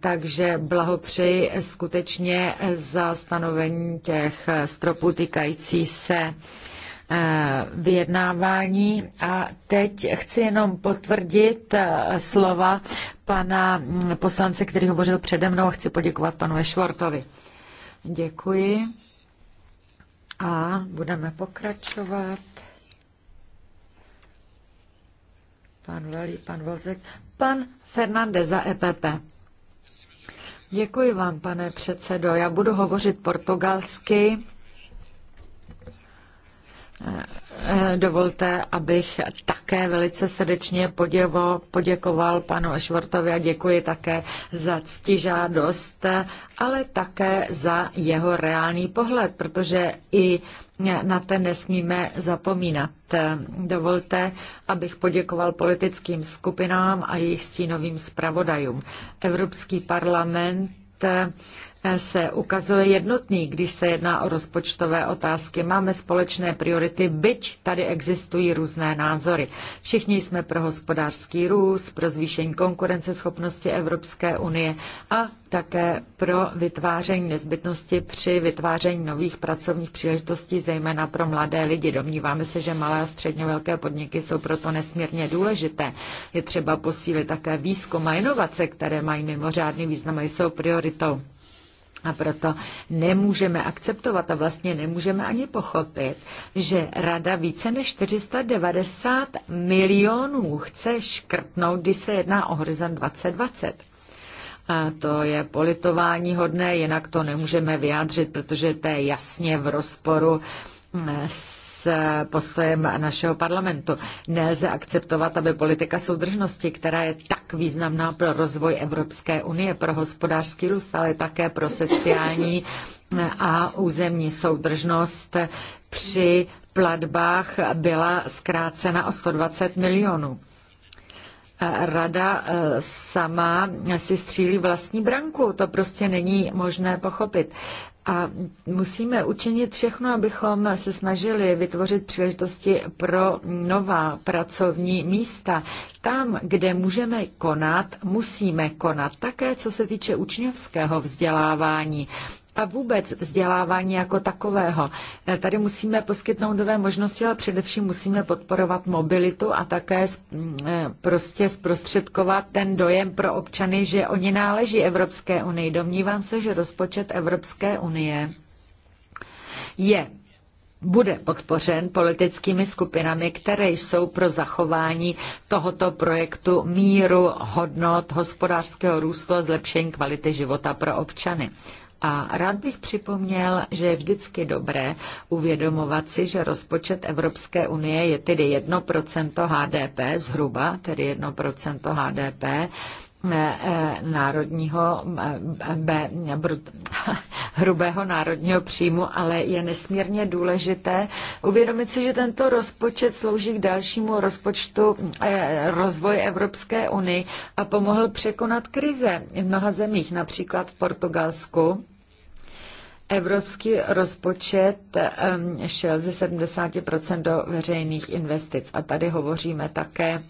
A: takže blahopřeji skutečně za stanovení těch stropů týkající se Eh, vyjednávání. A teď chci jenom potvrdit eh, slova pana mm, poslance, který hovořil přede mnou. Chci poděkovat panu Ešvortovi. Děkuji. A budeme pokračovat. Pan Velí, pan Vozek, pan Fernandez za EPP. Děkuji vám, pane předsedo. Já budu hovořit portugalsky Eh, dovolte, abych také velice srdečně poděvo, poděkoval panu Švortovi a děkuji také za ctižádost, ale také za jeho reálný pohled, protože i na ten nesmíme zapomínat. Dovolte, abych poděkoval politickým skupinám a jejich stínovým zpravodajům. Evropský parlament se ukazuje jednotný, když se jedná o rozpočtové otázky. Máme společné priority, byť tady existují různé názory. Všichni jsme pro hospodářský růst, pro zvýšení konkurenceschopnosti Evropské unie a také pro vytváření nezbytnosti při vytváření nových pracovních příležitostí, zejména pro mladé lidi. Domníváme se, že malé a středně velké podniky jsou proto nesmírně důležité. Je třeba posílit také výzkum a inovace, které mají mimořádný význam a jsou prioritou. A proto nemůžeme akceptovat a vlastně nemůžeme ani pochopit, že Rada více než 490 milionů chce škrtnout, když se jedná o horizont 2020. A to je politování hodné, jinak to nemůžeme vyjádřit, protože to je jasně v rozporu eh, s postojem našeho parlamentu. Nelze akceptovat, aby politika soudržnosti, která je tak významná pro rozvoj Evropské unie, pro hospodářský růst, ale také pro sociální a územní soudržnost při platbách byla zkrácena o 120 milionů. Rada eh, sama si střílí vlastní branku. To prostě není možné pochopit. A musíme učinit všechno, abychom se snažili vytvořit příležitosti pro nová pracovní místa. Tam, kde můžeme konat, musíme konat. Také co se týče učňovského vzdělávání a vůbec vzdělávání jako takového. Eh, tady musíme poskytnout nové možnosti, ale především musíme podporovat mobilitu a také mm, eh, prostě zprostředkovat ten dojem pro občany, že oni náleží Evropské unii. Domnívám se, že rozpočet Evropské unie je bude podpořen politickými skupinami, které jsou pro zachování tohoto projektu míru, hodnot, hospodářského růstu a zlepšení kvality života pro občany. A rád bych připomněl, že je vždycky dobré uvědomovat si, že rozpočet Evropské unie je tedy 1% HDP, zhruba tedy 1% HDP, Eh, národního eh, B, hrubého národního příjmu, ale je nesmírně důležité uvědomit si, že tento rozpočet slouží k dalšímu rozpočtu eh, rozvoje Evropské unie a pomohl překonat krize v mnoha zemích, například v Portugalsku. Evropský rozpočet šel ze 70% do veřejných investic a tady hovoříme také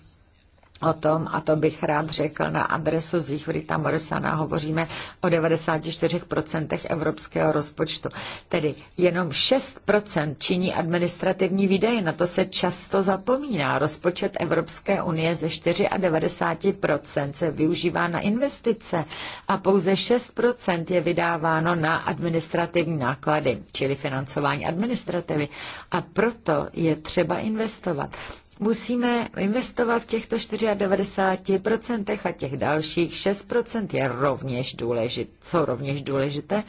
A: o tom, a to bych rád řekl na adresu Zichvrita Morsana, hovoříme o 94% evropského rozpočtu. Tedy jenom 6% činí administrativní výdaje, na to se často zapomíná. Rozpočet Evropské unie ze 94% se využívá na investice a pouze 6% je vydáváno na administrativní náklady, čili financování administrativy. A proto je třeba investovat. Musíme investovat v těchto 94% a těch dalších 6% je rovněž důležité, jsou rovněž důležité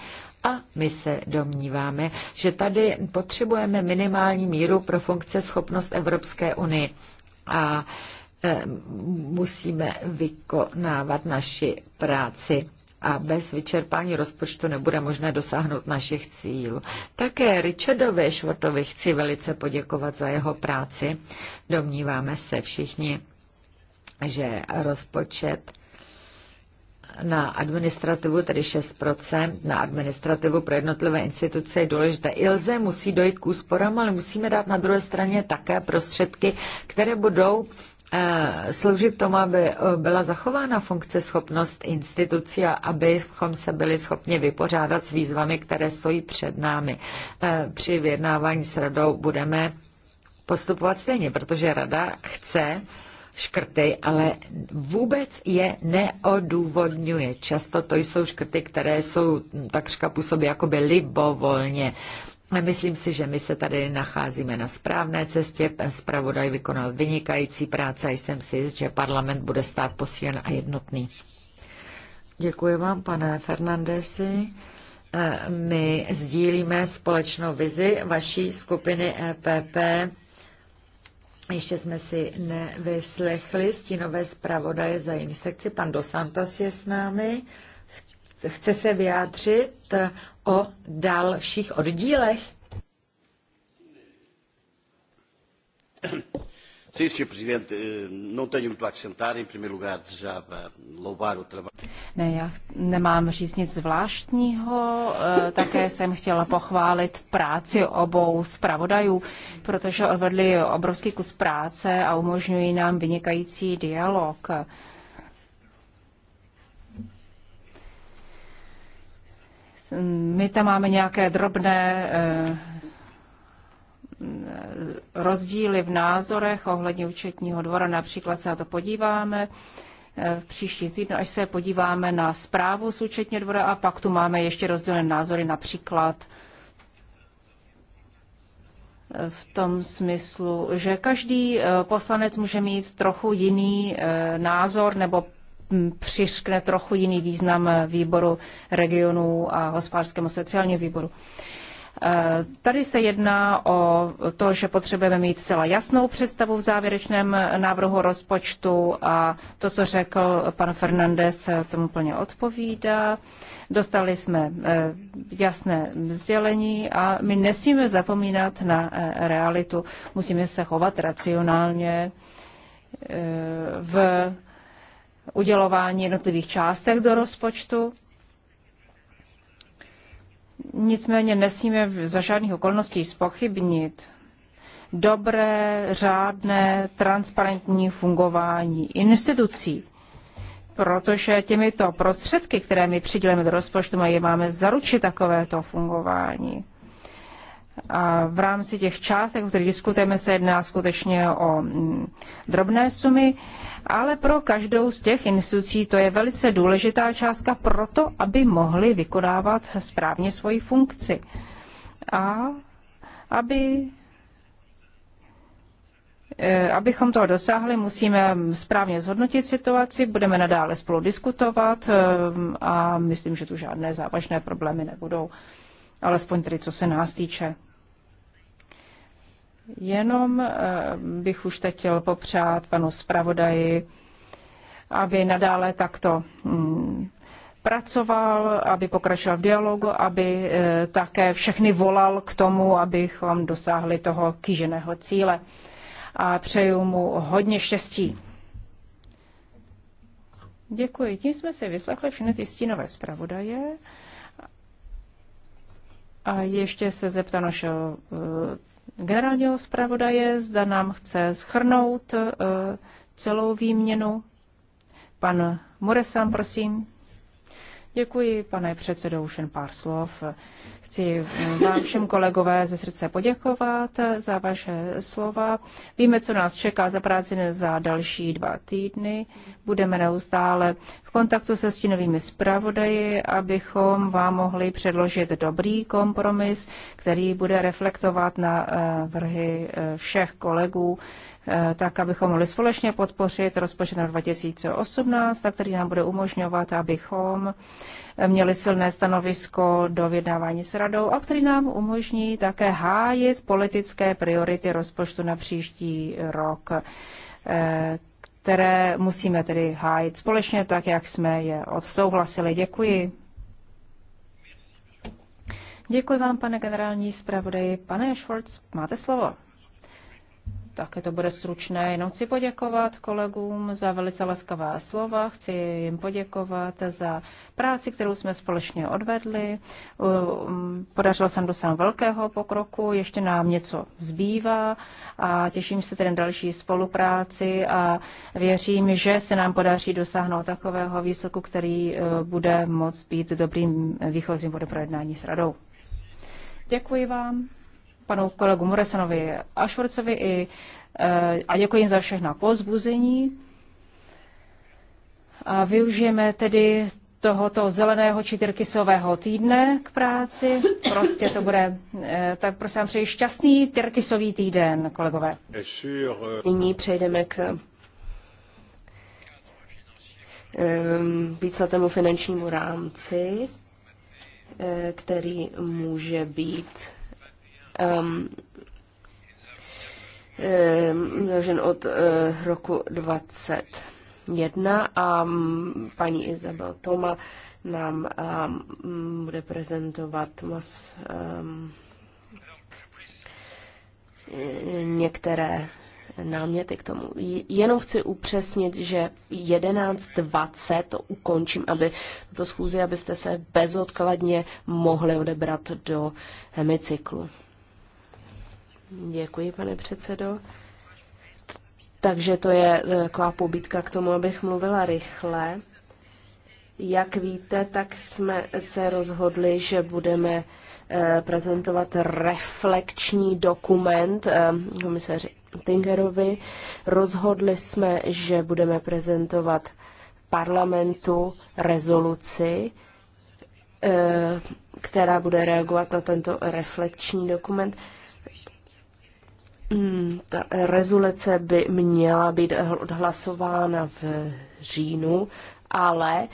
A: a my se domníváme, že tady potřebujeme minimální míru pro funkce schopnost Evropské unie a e, musíme vykonávat naši práci a bez vyčerpání rozpočtu nebude možné dosáhnout našich cílů. Také Richardovi Švortovi chci velice poděkovat za jeho práci. Domníváme se všichni, že rozpočet na administrativu, tedy 6%, na administrativu pro jednotlivé instituce je důležité. I lze, musí dojít k úsporám, ale musíme dát na druhé straně také prostředky, které budou Eh, sloužit tomu, aby eh, byla zachována funkce schopnost institucí a abychom se byli schopni vypořádat s výzvami, které stojí před námi. Eh, při vyjednávání s radou budeme postupovat stejně, protože rada chce škrty, ale vůbec je neodůvodňuje. Často to jsou škrty, které jsou takřka působí jakoby libovolně. Myslím si, že my se tady nacházíme na správné cestě. Spravodaj vykonal vynikající práce a jsem si jist, že parlament bude stát posílen a jednotný. Děkuji vám, pane Fernandesi. Eh, my sdílíme společnou vizi vaší skupiny EPP. Ještě jsme si nevyslechli stínové zpravodaje za jiný sekci. Pan Dosantos je s námi chce se vyjádřit eh, o dalších oddílech?
C: Sim, Sr. Presidente, eh, não tenho muito a acrescentar. Em primeiro lugar, desejava eh, louvar o trabalho.
B: Ne, já nemám říct nic zvláštního. Také jsem chtěla pochválit práci obou zpravodajů, protože odvedli obrovský kus práce a umožňují nám vynikající dialog. My tam máme nějaké drobné eh, rozdíly v názorech ohledně účetního dvora. Například se na to podíváme eh, v příští týdnu, až se podíváme na zprávu z účetního dvora a pak tu máme ještě rozdílné názory například eh, v tom smyslu, že každý poslanec může mít trochu jiný názor nebo přiškne trochu jiný význam výboru regionů a hospodářskému sociálnímu výboru. E, tady se jedná o to, že potřebujeme mít celá jasnou představu v závěrečném návrhu rozpočtu a to, co řekl pan Fernandez, tomu plně odpovídá. Dostali jsme e, jasné vzdělení a my nesmíme zapomínat na e, realitu. Musíme se chovat racionálně v udělování jednotlivých částek do rozpočtu. Nicméně nesmíme za žádných okolností spochybnit dobré, řádné, transparentní fungování institucí, protože těmito prostředky, které my přidělíme do rozpočtu, mají, máme zaručit takovéto fungování v rámci těch částek, o kterých diskutujeme, se jedná skutečně o mm, drobné sumy, ale pro každou z těch institucí to je velice důležitá částka proto, aby mohly vykonávat správně svoji funkci. A aby e, Abychom toho dosáhli, musíme správně zhodnotit situaci, budeme nadále spolu diskutovat e, a myslím, že tu žádné závažné problémy nebudou, alespoň tedy co se nás týče. Jenom eh, bych už teď chtěl popřát panu zpravodaji, aby nadále takto mm, pracoval, aby pokračoval v dialogu, aby eh, také všechny volal k tomu, abychom dosáhli toho kýženého cíle. A přeju mu hodně štěstí. Děkuji. Tím jsme si vyslechli všechny ty stínové zpravodaje. A ještě se zeptám našeho eh, generálního zpravodaje, zda nám chce schrnout eh, celou výměnu. Pan Muresan, prosím. Děkuji, pane předsedo, už jen pár slov. Chci eh, vám všem kolegové ze srdce poděkovat eh, za vaše slova. Víme, co nás čeká za práci za další dva týdny. Budeme neustále v kontaktu se stínovými zpravodaji, abychom vám mohli předložit dobrý kompromis, který bude reflektovat na eh, vrhy všech kolegů Eh, tak abychom mohli společně podpořit rozpočet na 2018, tak který nám bude umožňovat, abychom měli silné stanovisko do vyjednávání s radou a který nám umožní také hájit politické priority rozpočtu na příští rok eh, které musíme tedy hájit společně, tak jak jsme je odsouhlasili. Děkuji. Děkuji vám, pane generální zpravodaji. Pane Schwartz, máte slovo. Také to bude stručné. Jenom chci poděkovat kolegům za velice laskavá slova. Chci jim poděkovat za práci, kterou jsme společně odvedli. Eh, podařilo jsem dosáhnout velkého pokroku, ještě nám něco zbývá a těším se tedy na další spolupráci a věřím, že se nám podaří dosáhnout takového výsledku, který eh, bude moc být dobrým výchozím bodem projednání s radou. Děkuji vám panu kolegu Moresanovi a Švorcovi i, eh, a děkuji jim za všechna pozbuzení. A využijeme tedy tohoto zeleného či tyrkysového týdne k práci. Prostě to bude, eh, tak prosím vám přeji šťastný tyrkysový týden, kolegové. Nyní přejdeme k
C: ehm, víceletému finančnímu rámci, eh, který může být um, založen um, od uh, roku 21 a mm, paní Izabel Toma nám um, bude prezentovat mas, um, některé náměty k tomu. Jenom chci upřesnit, že 11.20 to ukončím, aby to schůzi, abyste se bezodkladně mohli odebrat do hemicyklu. Děkuji, pane předsedo. Takže to je e, taková pobítka k tomu, abych mluvila rychle. Jak víte, tak jsme se rozhodli, že budeme e, prezentovat reflekční dokument e, komisaři Tingerovi. Rozhodli jsme, že budeme prezentovat parlamentu rezoluci, která bude reagovat na tento reflekční dokument. Hmm, ta rezoluce by měla být odhlasována v říjnu, ale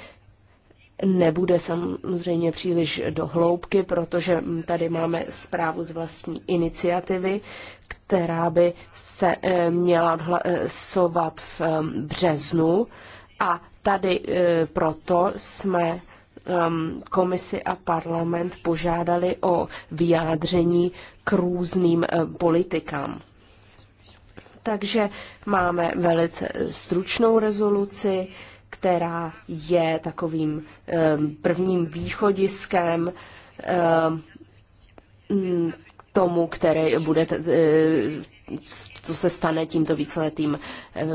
C: nebude samozřejmě příliš dohloubky, protože tady máme zprávu z vlastní iniciativy, která by se eh, měla odhlasovat v eh, březnu a tady eh, proto jsme um, komisi a parlament požádali o vyjádření k různým um, politikám. Takže máme velice stručnou rezoluci, která je takovým um, prvním východiskem um, eh, k tomu, který bude co se stane tímto víceletým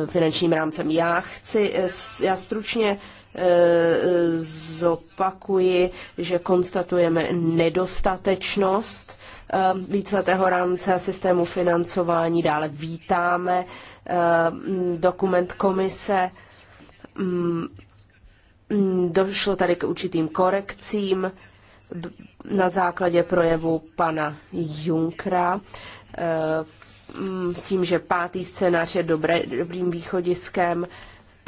C: finančním rámcem. Já chci, já stručně Eh, zopakuji, že konstatujeme nedostatečnost eh, víceletého rámce a systému financování. Dále vítáme eh, dokument komise. Mm, došlo tady k určitým korekcím na základě projevu pana Junkra mm, s tím, že pátý scénář je dobré, dobrým východiskem.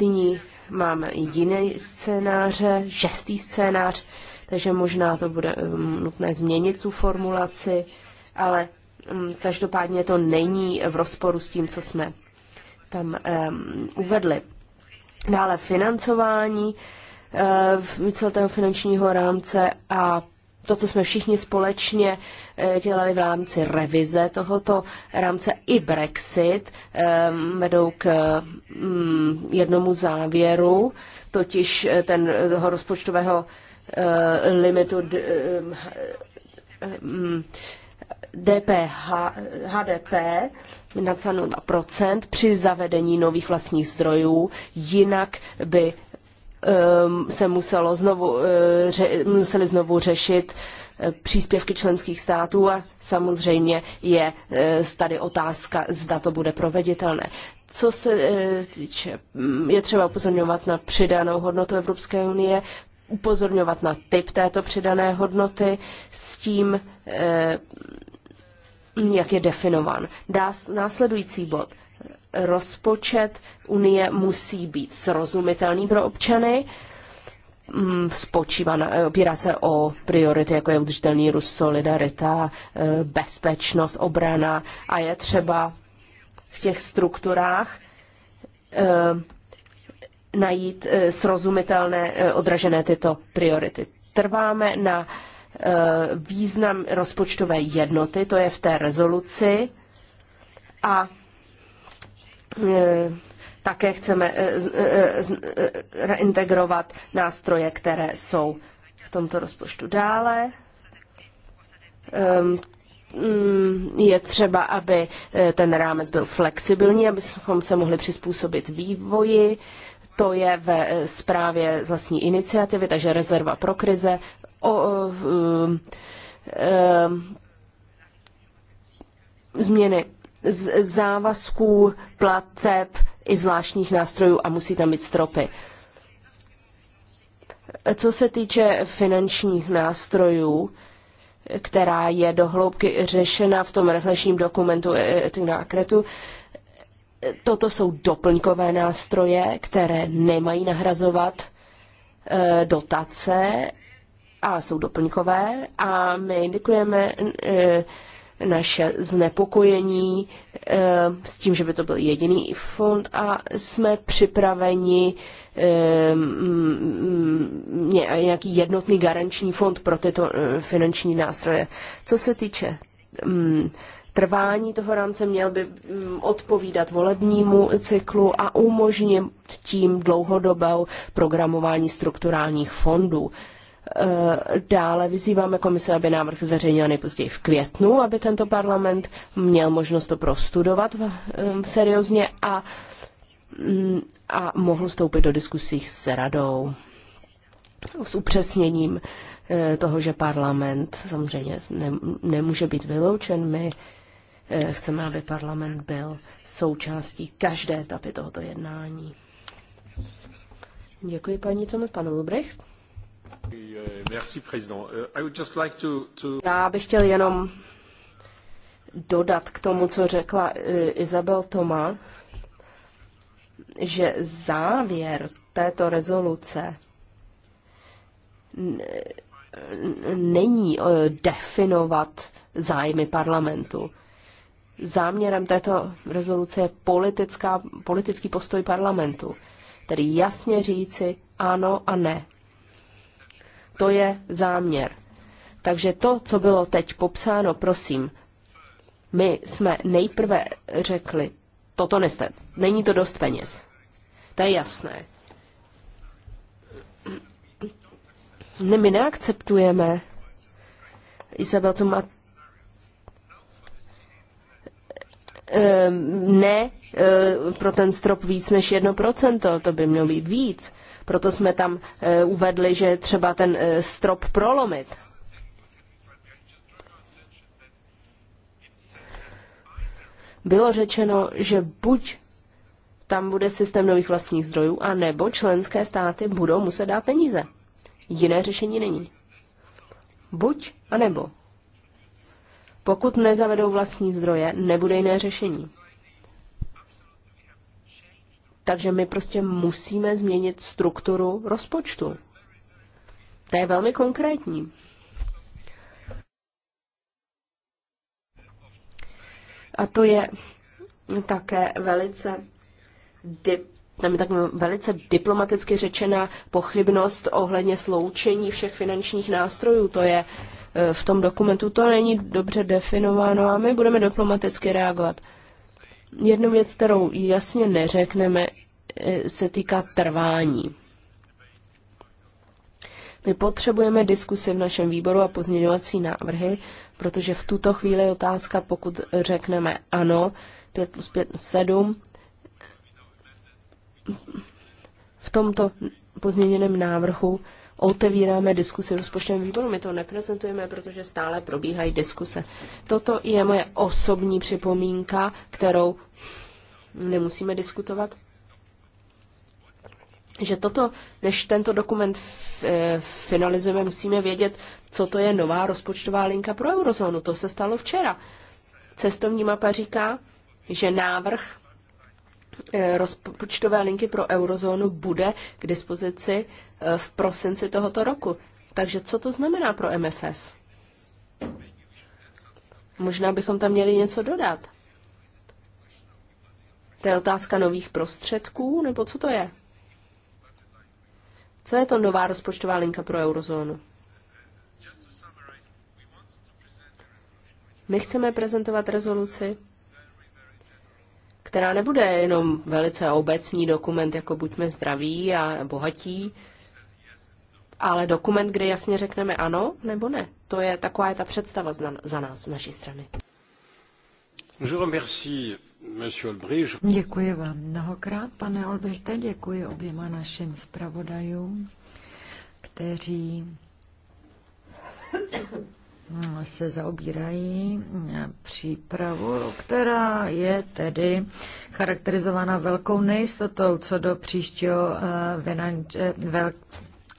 C: Nyní máme jiný scénáře, šestý scénář, takže možná to bude um, nutné změnit tu formulaci, ale um, každopádně to není v rozporu s tím, co jsme tam um, uvedli. Dále financování uh, celého finančního rámce a to, co jsme všichni společně eh, dělali v rámci revize tohoto rámce i Brexit, ehm, vedou k mm, jednomu závěru, totiž eh, ten, toho rozpočtového eh, limitu DPH, ehm, ehm, HDP na procent při zavedení nových vlastních zdrojů, jinak by Ehm, se muselo znovu, eh, museli znovu řešit eh, příspěvky členských států a samozřejmě je eh, tady otázka, zda to bude proveditelné. Co se týče, mm, je třeba upozorňovat na přidanou hodnotu Evropské unie, upozorňovat na typ této přidané hodnoty s tím, jak je definován. Dá následující bod rozpočet Unie musí být srozumitelný pro občany, mm, spočívá na, opírá se o priority, jako je udržitelný růst, solidarita, e, bezpečnost, obrana a je třeba v těch strukturách e, najít e, srozumitelné, odražené tyto priority. Trváme na význam rozpočtové jednoty, to je v té rezoluci, a E, také chceme e, e, reintegrovat nástroje, které jsou v tomto rozpočtu dále. Ehm, mm, je třeba, aby ten rámec byl flexibilní, abychom se mohli přizpůsobit vývoji. To je ve zprávě vlastní iniciativy, takže rezerva pro krize. O, změny závazků, plateb i zvláštních nástrojů a musí tam být stropy. Co se týče finančních nástrojů, která je dohloubky řešena v tom reflešním dokumentu eh, eh, na Kretu, toto jsou doplňkové nástroje, které nemají nahrazovat eh, dotace a jsou doplňkové a my indikujeme naše znepokojení eh, s tím, že by to byl jediný fond a jsme připraveni eh, mm, mm, nějaký jednotný garanční fond pro tyto eh, finanční nástroje. Co se týče mm, trvání toho rámce měl by odpovídat volebnímu cyklu a umožnit tím dlouhodobou programování strukturálních fondů. Eh, dále vyzýváme komise, aby návrh zveřejnila nejpozději v květnu, aby tento parlament měl možnost to prostudovat eh, seriózně a, mm, a mohl vstoupit do diskusí s radou s upřesněním eh, toho, že parlament samozřejmě nemůže být vyloučen. My chceme, aby parlament byl součástí každé etapy tohoto jednání. Děkuji paní Tomet, panu Lubrecht. Uh, Já bych chtěl jenom dodat k tomu, co řekla uh, Izabel Toma, že závěr této rezoluce není uh, definovat zájmy parlamentu. Záměrem této rezoluce je politická, politický postoj parlamentu, tedy jasně říci ano a ne to je záměr. Takže to, co bylo teď popsáno, prosím, my jsme nejprve řekli, toto neste, není to dost peněz. To je jasné. Ne, my neakceptujeme Isabel to má ehm, ne eh, pro ten strop víc než 1%, to by mělo být víc. Proto jsme tam eh, uvedli, že třeba ten eh, strop prolomit. Bylo řečeno, že buď tam bude systém nových vlastních zdrojů, a nebo členské státy budou muset dát peníze. Jiné řešení není. Buď a nebo. Pokud nezavedou vlastní zdroje, nebude jiné řešení. Takže my prostě musíme změnit strukturu rozpočtu. To je velmi konkrétní. A to je také velice dip, tam je tak velice diplomaticky řečená pochybnost ohledně sloučení všech finančních nástrojů. To je e, v tom dokumentu, to není dobře definováno a my budeme diplomaticky reagovat. Jednu věc, kterou jasně neřekneme, se týká trvání. My potřebujeme diskusy v našem výboru a pozměňovací návrhy, protože v tuto chvíli je otázka, pokud řekneme ano, 5 plus 5 7, v tomto pozměněném návrhu otevíráme diskusi v rozpočtovém výboru. My to neprezentujeme, protože stále probíhají diskuse. Toto je moje osobní připomínka, kterou nemusíme diskutovat že toto, než tento dokument eh, finalizujeme, musíme vědět, co to je nová rozpočtová linka pro eurozónu. To se stalo včera. Cestovní mapa říká, že návrh eh, rozpočtové linky pro eurozónu bude k dispozici eh, v prosinci tohoto roku. Takže co to znamená pro MFF? Možná bychom tam měli něco dodat. To je otázka nových prostředků, nebo co to je? Co je to nová rozpočtová linka pro eurozónu? My chceme prezentovat rezoluci, která nebude jenom velice obecní dokument, jako buďme zdraví a bohatí, ale dokument, kde jasně řekneme ano nebo ne. To je taková je ta představa za nás, z naší strany. Je remercie
A: Děkuji vám mnohokrát, pane Olbrichte, děkuji oběma našim zpravodajům, kteří se zaobírají přípravu, která je tedy charakterizována velkou nejistotou co do příštího eh, eh,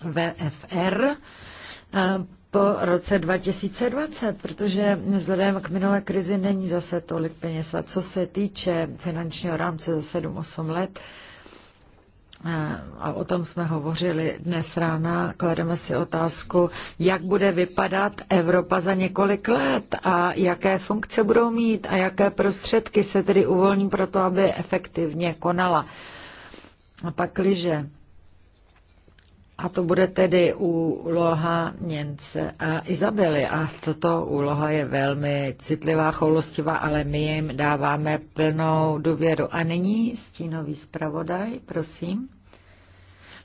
A: VFR po roce 2020, protože vzhledem k minulé krizi není zase tolik peněz. A co se týče finančního rámce za 7-8 let, a o tom jsme hovořili dnes rána, klademe si otázku, jak bude vypadat Evropa za několik let a jaké funkce budou mít a jaké prostředky se tedy uvolní pro to, aby efektivně konala. A pak, když a to bude tedy úloha Němce a Izabely. A toto úloha je velmi citlivá, choulostivá, ale my jim dáváme plnou důvěru. A nyní stínový zpravodaj, prosím.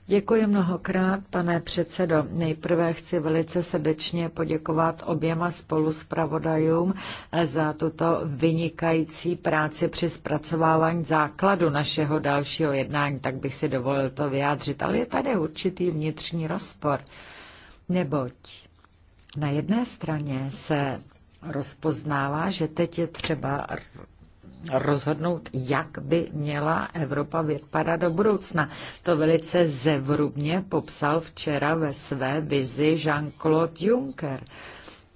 A: Děkuji mnohokrát, pane předsedo. Nejprve chci velice srdečně poděkovat oběma spoluspravodajům eh, za tuto vynikající práci při zpracovávání základu našeho dalšího jednání, tak bych si dovolil to vyjádřit. Ale je tady určitý vnitřní rozpor, neboť na jedné straně se rozpoznává, že teď je třeba rozhodnout, jak by měla Evropa vypadat do budoucna. To velice zevrubně popsal včera ve své vizi Jean-Claude Juncker.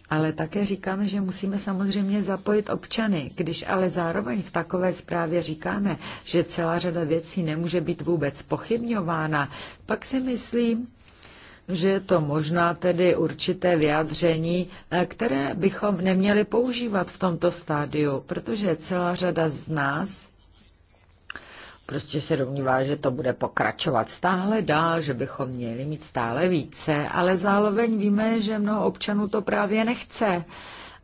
A: Ale také říkáme, že musíme samozřejmě zapojit občany. Když ale zároveň v takové zprávě říkáme, že celá řada věcí nemůže být vůbec pochybňována, pak si myslím, že je to možná tedy určité vyjádření, eh, které bychom neměli používat v tomto stádiu, protože celá řada z nás prostě se domnívá, že to bude pokračovat stále dál, že bychom měli mít stále více, ale zároveň víme, že mnoho občanů to právě nechce.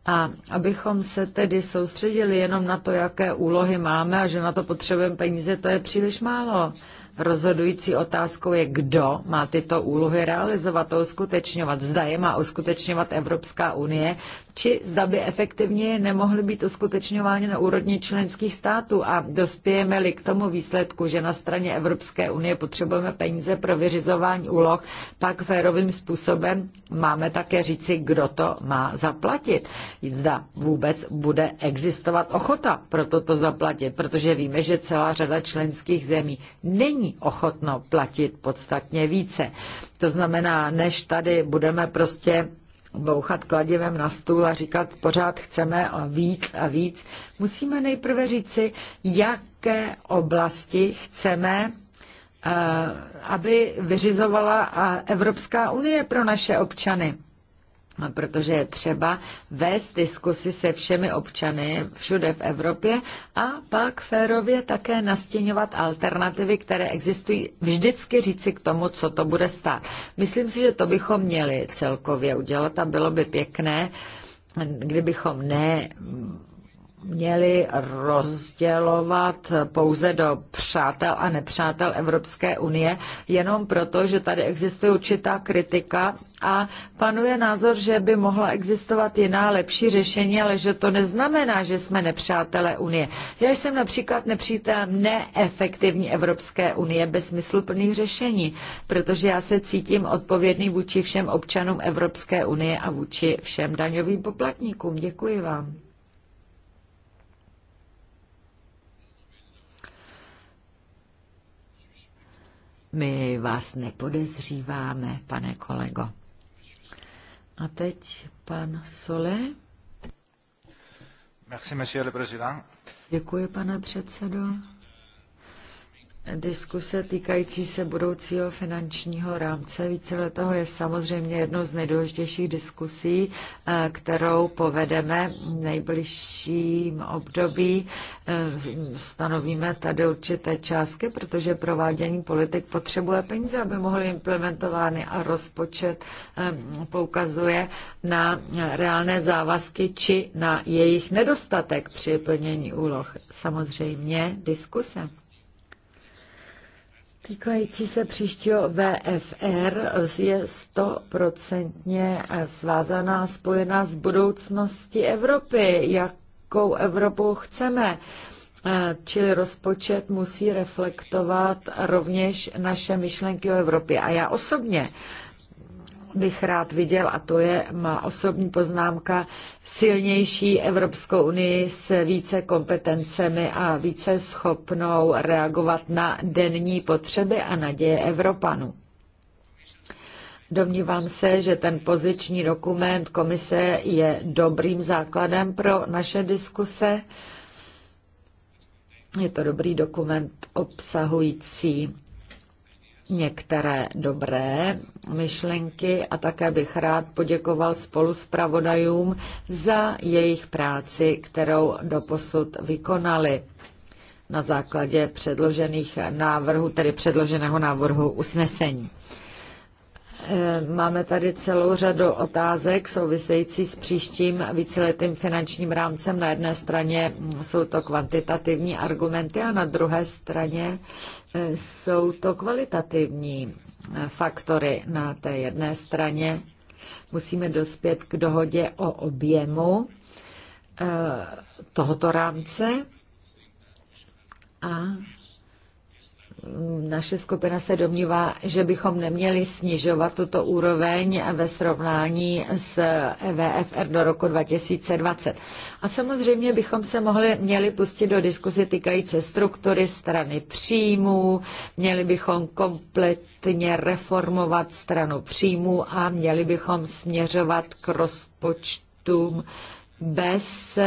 A: A abychom se tedy soustředili jenom na to, jaké úlohy máme a že na to potřebujeme peníze, to je příliš málo. Rozhodující otázkou je, kdo má tyto úlohy realizovat a uskutečňovat. Zda je má uskutečňovat Evropská unie, či zda by efektivně nemohly být uskutečňovány na úrovni členských států a dospějeme-li k tomu výsledku, že na straně Evropské unie potřebujeme peníze pro vyřizování úloh, pak férovým způsobem máme také říci, kdo to má zaplatit. Zda vůbec bude existovat ochota pro toto zaplatit, protože víme, že celá řada členských zemí není ochotno platit podstatně více. To znamená, než tady budeme prostě bouchat kladivem na stůl a říkat pořád chceme a víc a víc, musíme nejprve říci, jaké oblasti chceme eh, aby vyřizovala Evropská unie pro naše občany protože je třeba vést diskusy se všemi občany všude v Evropě a pak férově také nastěňovat alternativy, které existují, vždycky říci k tomu, co to bude stát. Myslím si, že to bychom měli celkově udělat a bylo by pěkné, kdybychom ne měli rozdělovat pouze do přátel a nepřátel Evropské unie, jenom proto, že tady existuje určitá kritika a panuje názor, že by mohla existovat jiná lepší řešení, ale že to neznamená, že jsme nepřátelé unie. Já jsem například nepřítel neefektivní Evropské unie bez smysluplných řešení, protože já se cítím odpovědný vůči všem občanům Evropské unie a vůči všem daňovým poplatníkům. Děkuji vám. My vás nepodezříváme, pane kolego. A teď pan Sole. Merci, monsieur le président. Děkuji, pane předsedo. Diskuse týkající se budoucího finančního rámce víceletého je samozřejmě jednou z nejdůležitějších diskusí, eh, kterou povedeme v nejbližším období. Eh, stanovíme tady určité částky, protože provádění politik potřebuje peníze, aby mohly implementovány a rozpočet eh, poukazuje na reálné závazky či na jejich nedostatek při plnění úloh. Samozřejmě diskuse týkající se příštího VFR je stoprocentně svázaná, spojená s budoucností Evropy, jakou Evropu chceme. Eh, Čili rozpočet musí reflektovat rovněž naše myšlenky o Evropě. A já osobně bych rád viděl, a to je má osobní poznámka, silnější Evropskou unii s více kompetencemi a více schopnou reagovat na denní potřeby a naděje Evropanů. Domnívám se, že ten poziční dokument komise je dobrým základem pro naše diskuse. Je to dobrý dokument obsahující některé dobré myšlenky a také bych rád poděkoval spolu s pravodajům za jejich práci, kterou doposud vykonali na základě předložených návrhů, tedy předloženého návrhu usnesení. Eh, máme tady celou řadu otázek související s příštím víceletým finančním rámcem. Na jedné straně jsou to kvantitativní argumenty a na druhé straně eh, jsou to kvalitativní eh, faktory. Na té jedné straně musíme dospět k dohodě o objemu tohoto rámce a naše skupina se domnívá, že bychom neměli snižovat tuto úroveň ve srovnání s EVFR do roku 2020. A samozřejmě bychom se mohli, měli pustit do diskuzi týkající struktury strany příjmů, měli bychom kompletně reformovat stranu příjmů a měli bychom směřovat k rozpočtům bez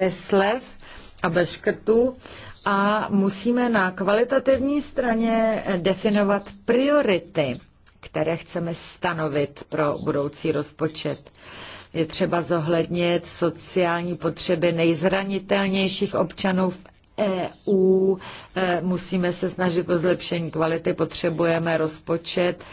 A: bez slev a bez škrtů a musíme na kvalitativní straně definovat priority, které chceme stanovit pro budoucí rozpočet. Je třeba zohlednit sociální potřeby nejzranitelnějších občanů v EU. E, musíme se snažit o zlepšení kvality, potřebujeme rozpočet,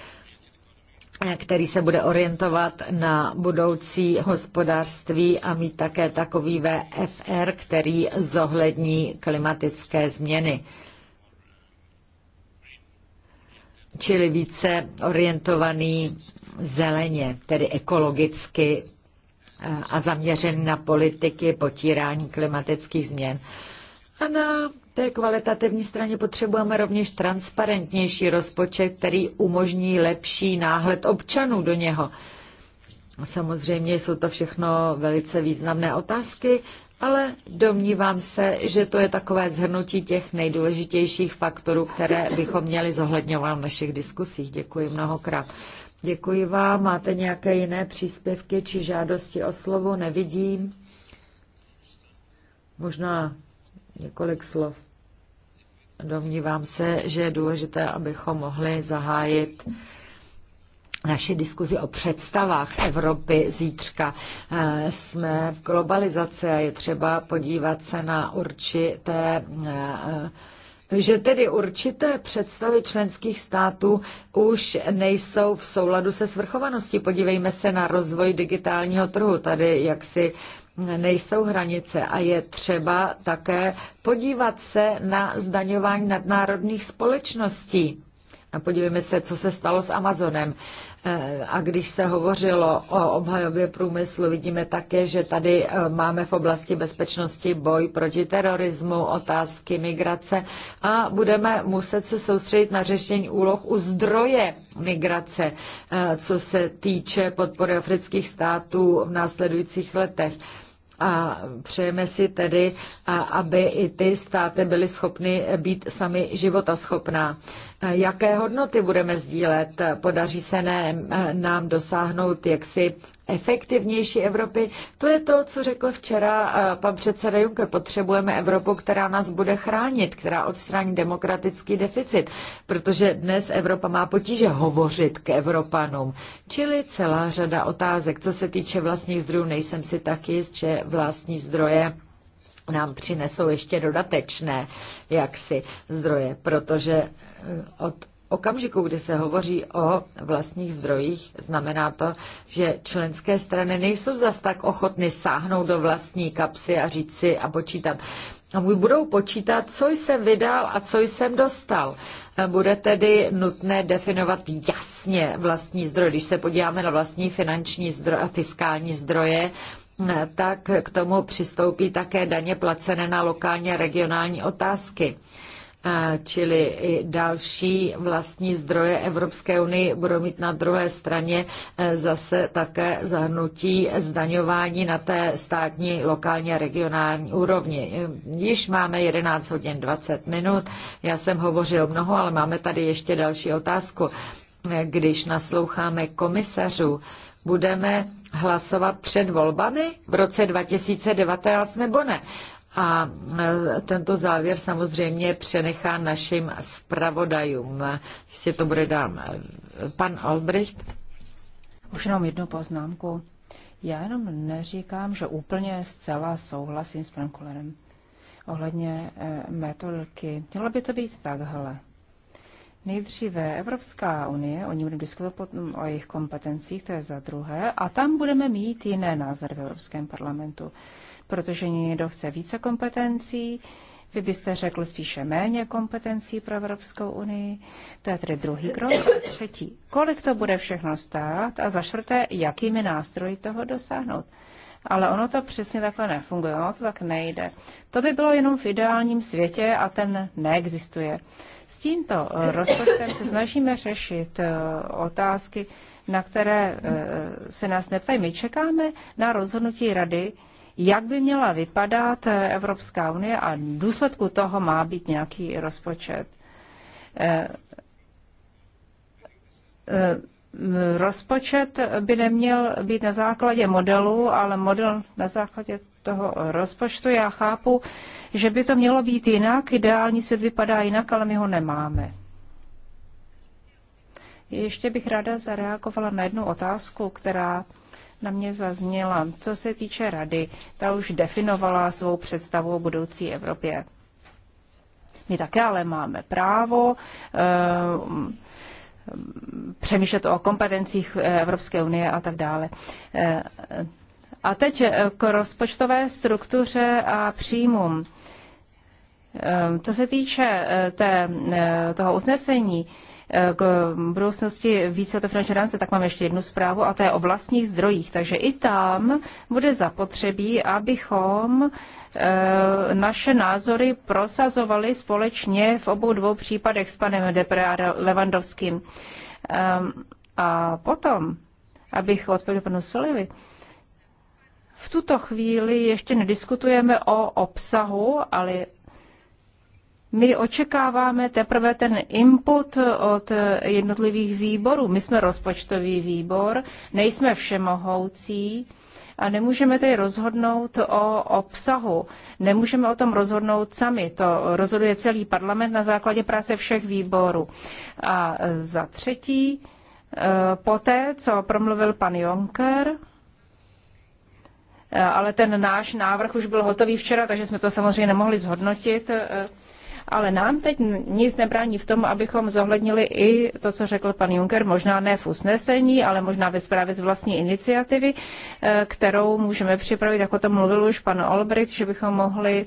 A: který se bude orientovat na budoucí hospodářství a mít také takový VFR, který zohlední klimatické změny. Čili více orientovaný zeleně, tedy ekologicky eh, a zaměřen na politiky potírání klimatických změn. A na té kvalitativní straně potřebujeme rovněž transparentnější rozpočet, který umožní lepší náhled občanů do něho. A samozřejmě jsou to všechno velice významné otázky, ale domnívám se, že to je takové zhrnutí těch nejdůležitějších faktorů, které bychom měli zohledňovat v našich diskusích. Děkuji mnohokrát. Děkuji vám. Máte nějaké jiné příspěvky či žádosti o slovo? Nevidím. Možná Několik slov. Domnívám se, že je důležité, abychom mohli zahájit naši diskuzi o představách Evropy zítřka. Eh, jsme v globalizaci a je třeba podívat se na určité eh, že tedy určité představy členských států už nejsou v souladu se svrchovaností. Podívejme se na rozvoj digitálního trhu. Tady jak si nejsou hranice a je třeba také podívat se na zdaňování nadnárodních společností. A podívejme se, co se stalo s Amazonem. E, a když se hovořilo o obhajobě průmyslu, vidíme také, že tady e, máme v oblasti bezpečnosti boj proti terorismu, otázky migrace a budeme muset se soustředit na řešení úloh u zdroje migrace, e, co se týče podpory afrických států v následujících letech. A přejeme si tedy, aby i ty státy byly schopny být sami života schopná. Jaké hodnoty budeme sdílet? Podaří se ne, nám dosáhnout jaksi efektivnější Evropy? To je to, co řekl včera eh, pan předseda Juncker. Potřebujeme Evropu, která nás bude chránit, která odstraní demokratický deficit, protože dnes Evropa má potíže hovořit k Evropanům. Čili celá řada otázek. Co se týče vlastních zdrojů, nejsem si tak jist, že vlastní zdroje nám přinesou ještě dodatečné jaksi zdroje, protože od okamžiku, kdy se hovoří o vlastních zdrojích, znamená to, že členské strany nejsou zas tak ochotny sáhnout do vlastní kapsy a říct si a počítat. A budou počítat, co jsem vydal a co jsem dostal. Bude tedy nutné definovat jasně vlastní zdroje. Když se podíváme na vlastní finanční zdroje a fiskální zdroje, tak k tomu přistoupí také daně placené na lokální a regionální otázky čili i další vlastní zdroje Evropské unie budou mít na druhé straně e, zase také zahrnutí zdaňování na té státní, lokální a regionální úrovni. E, již máme 11 hodin 20 minut, já jsem hovořil mnoho, ale máme tady ještě další otázku. E, když nasloucháme komisařů, budeme hlasovat před volbami v roce 2019 nebo ne a e, tento závěr samozřejmě přenechá našim zpravodajům. Jestli to bude dám. E, pan
B: Albrecht? Už jenom jednu poznámku. Já jenom neříkám, že úplně zcela souhlasím s panem Kulerem ohledně e, metodiky. Mělo by to být takhle. Nejdříve Evropská unie, o ní budeme diskutovat o jejich kompetencích, to je za druhé, a tam budeme mít jiné názory v Evropském parlamentu protože někdo chce více kompetencí, vy byste řekl spíše méně kompetencí pro Evropskou unii. To je tedy druhý krok. A třetí, kolik to bude všechno stát? A za čtvrté, jakými nástroji toho dosáhnout? Ale ono to přesně takhle nefunguje, ono to tak nejde. To by bylo jenom v ideálním světě a ten neexistuje. S tímto eh, rozpočtem se snažíme řešit eh, otázky, na které eh, se nás neptají. My čekáme na rozhodnutí rady, jak by měla vypadat Evropská unie a v důsledku toho má být nějaký rozpočet. Eh, eh, rozpočet by neměl být na základě modelu, ale model na základě toho rozpočtu. Já chápu, že by to mělo být jinak, ideální svět vypadá jinak, ale my ho nemáme. Ještě bych ráda zareagovala na jednu otázku, která na mě zazněla. Co se týče rady, ta už definovala svou představu o budoucí Evropě. My také ale máme právo eh, přemýšlet o kompetencích Evropské unie a tak dále. Eh, a teď eh, k rozpočtové struktuře a příjmům. Co se týče té, toho usnesení, Eh, k mm, budoucnosti více to finanční rámce, tak máme ještě jednu zprávu a to je o vlastních zdrojích. Takže i tam bude zapotřebí, abychom eh, naše názory prosazovali společně v obou dvou případech s panem Depre a Levandovským. Ehm, a potom, abych odpověděl panu Solivi, v tuto chvíli ještě nediskutujeme o obsahu, ale my očekáváme teprve ten input od jednotlivých výborů. My jsme rozpočtový výbor, nejsme všemohoucí a nemůžeme tedy rozhodnout o obsahu. Nemůžeme o tom rozhodnout sami. To rozhoduje celý parlament na základě práce všech výborů. A za třetí, eh, poté, co promluvil pan Jonker, eh, ale ten náš návrh už byl hotový včera, takže jsme to samozřejmě nemohli zhodnotit. Eh, ale nám teď nic nebrání v tom, abychom zohlednili i to, co řekl pan Juncker, možná ne v usnesení, ale možná ve zprávě z vlastní iniciativy, eh, kterou můžeme připravit, jako to mluvil už pan Olbricht, že bychom mohli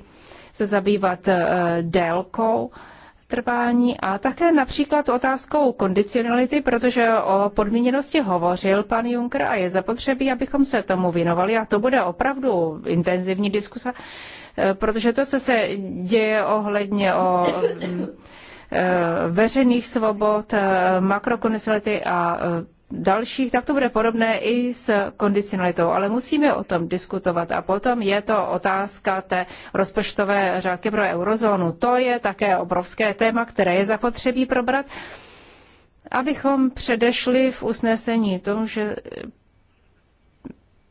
B: se zabývat eh, délkou trvání a také například otázkou kondicionality, protože o podmíněnosti hovořil pan Juncker a je zapotřebí, abychom se tomu věnovali a to bude opravdu intenzivní diskuse Eh, protože to, co se děje ohledně o mm, eh, veřejných svobod, eh, makrokondicionality a dalších, tak to bude podobné i s kondicionalitou, ale musíme o tom diskutovat. A potom je to otázka té rozpočtové řádky pro eurozónu. To je také obrovské téma, které je zapotřebí probrat, abychom předešli v usnesení tomu, že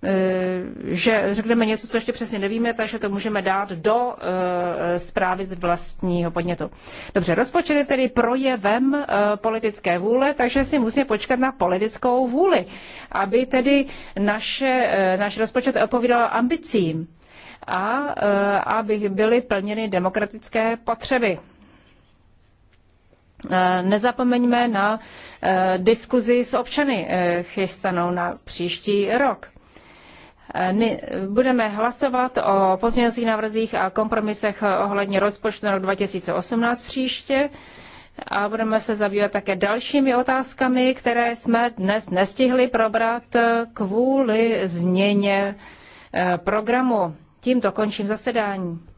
B: Eh, že řekneme něco, co ještě přesně nevíme, takže to můžeme dát do eh, zprávy z vlastního podnětu. Dobře, rozpočet je tedy projevem eh, politické vůle, takže si musíme počkat na politickou vůli, aby tedy naše, náš rozpočet odpovídal ambicím a aby byly plněny demokratické potřeby. Nezapomeňme na diskuzi s občany chystanou na příští rok. Eh, budeme hlasovat o pozměňovacích návrzích a kompromisech ohledně rozpočtu na rok 2018 příště a budeme se zabývat také dalšími otázkami, které jsme dnes nestihli probrat eh, kvůli změně eh, programu. Tímto končím zasedání.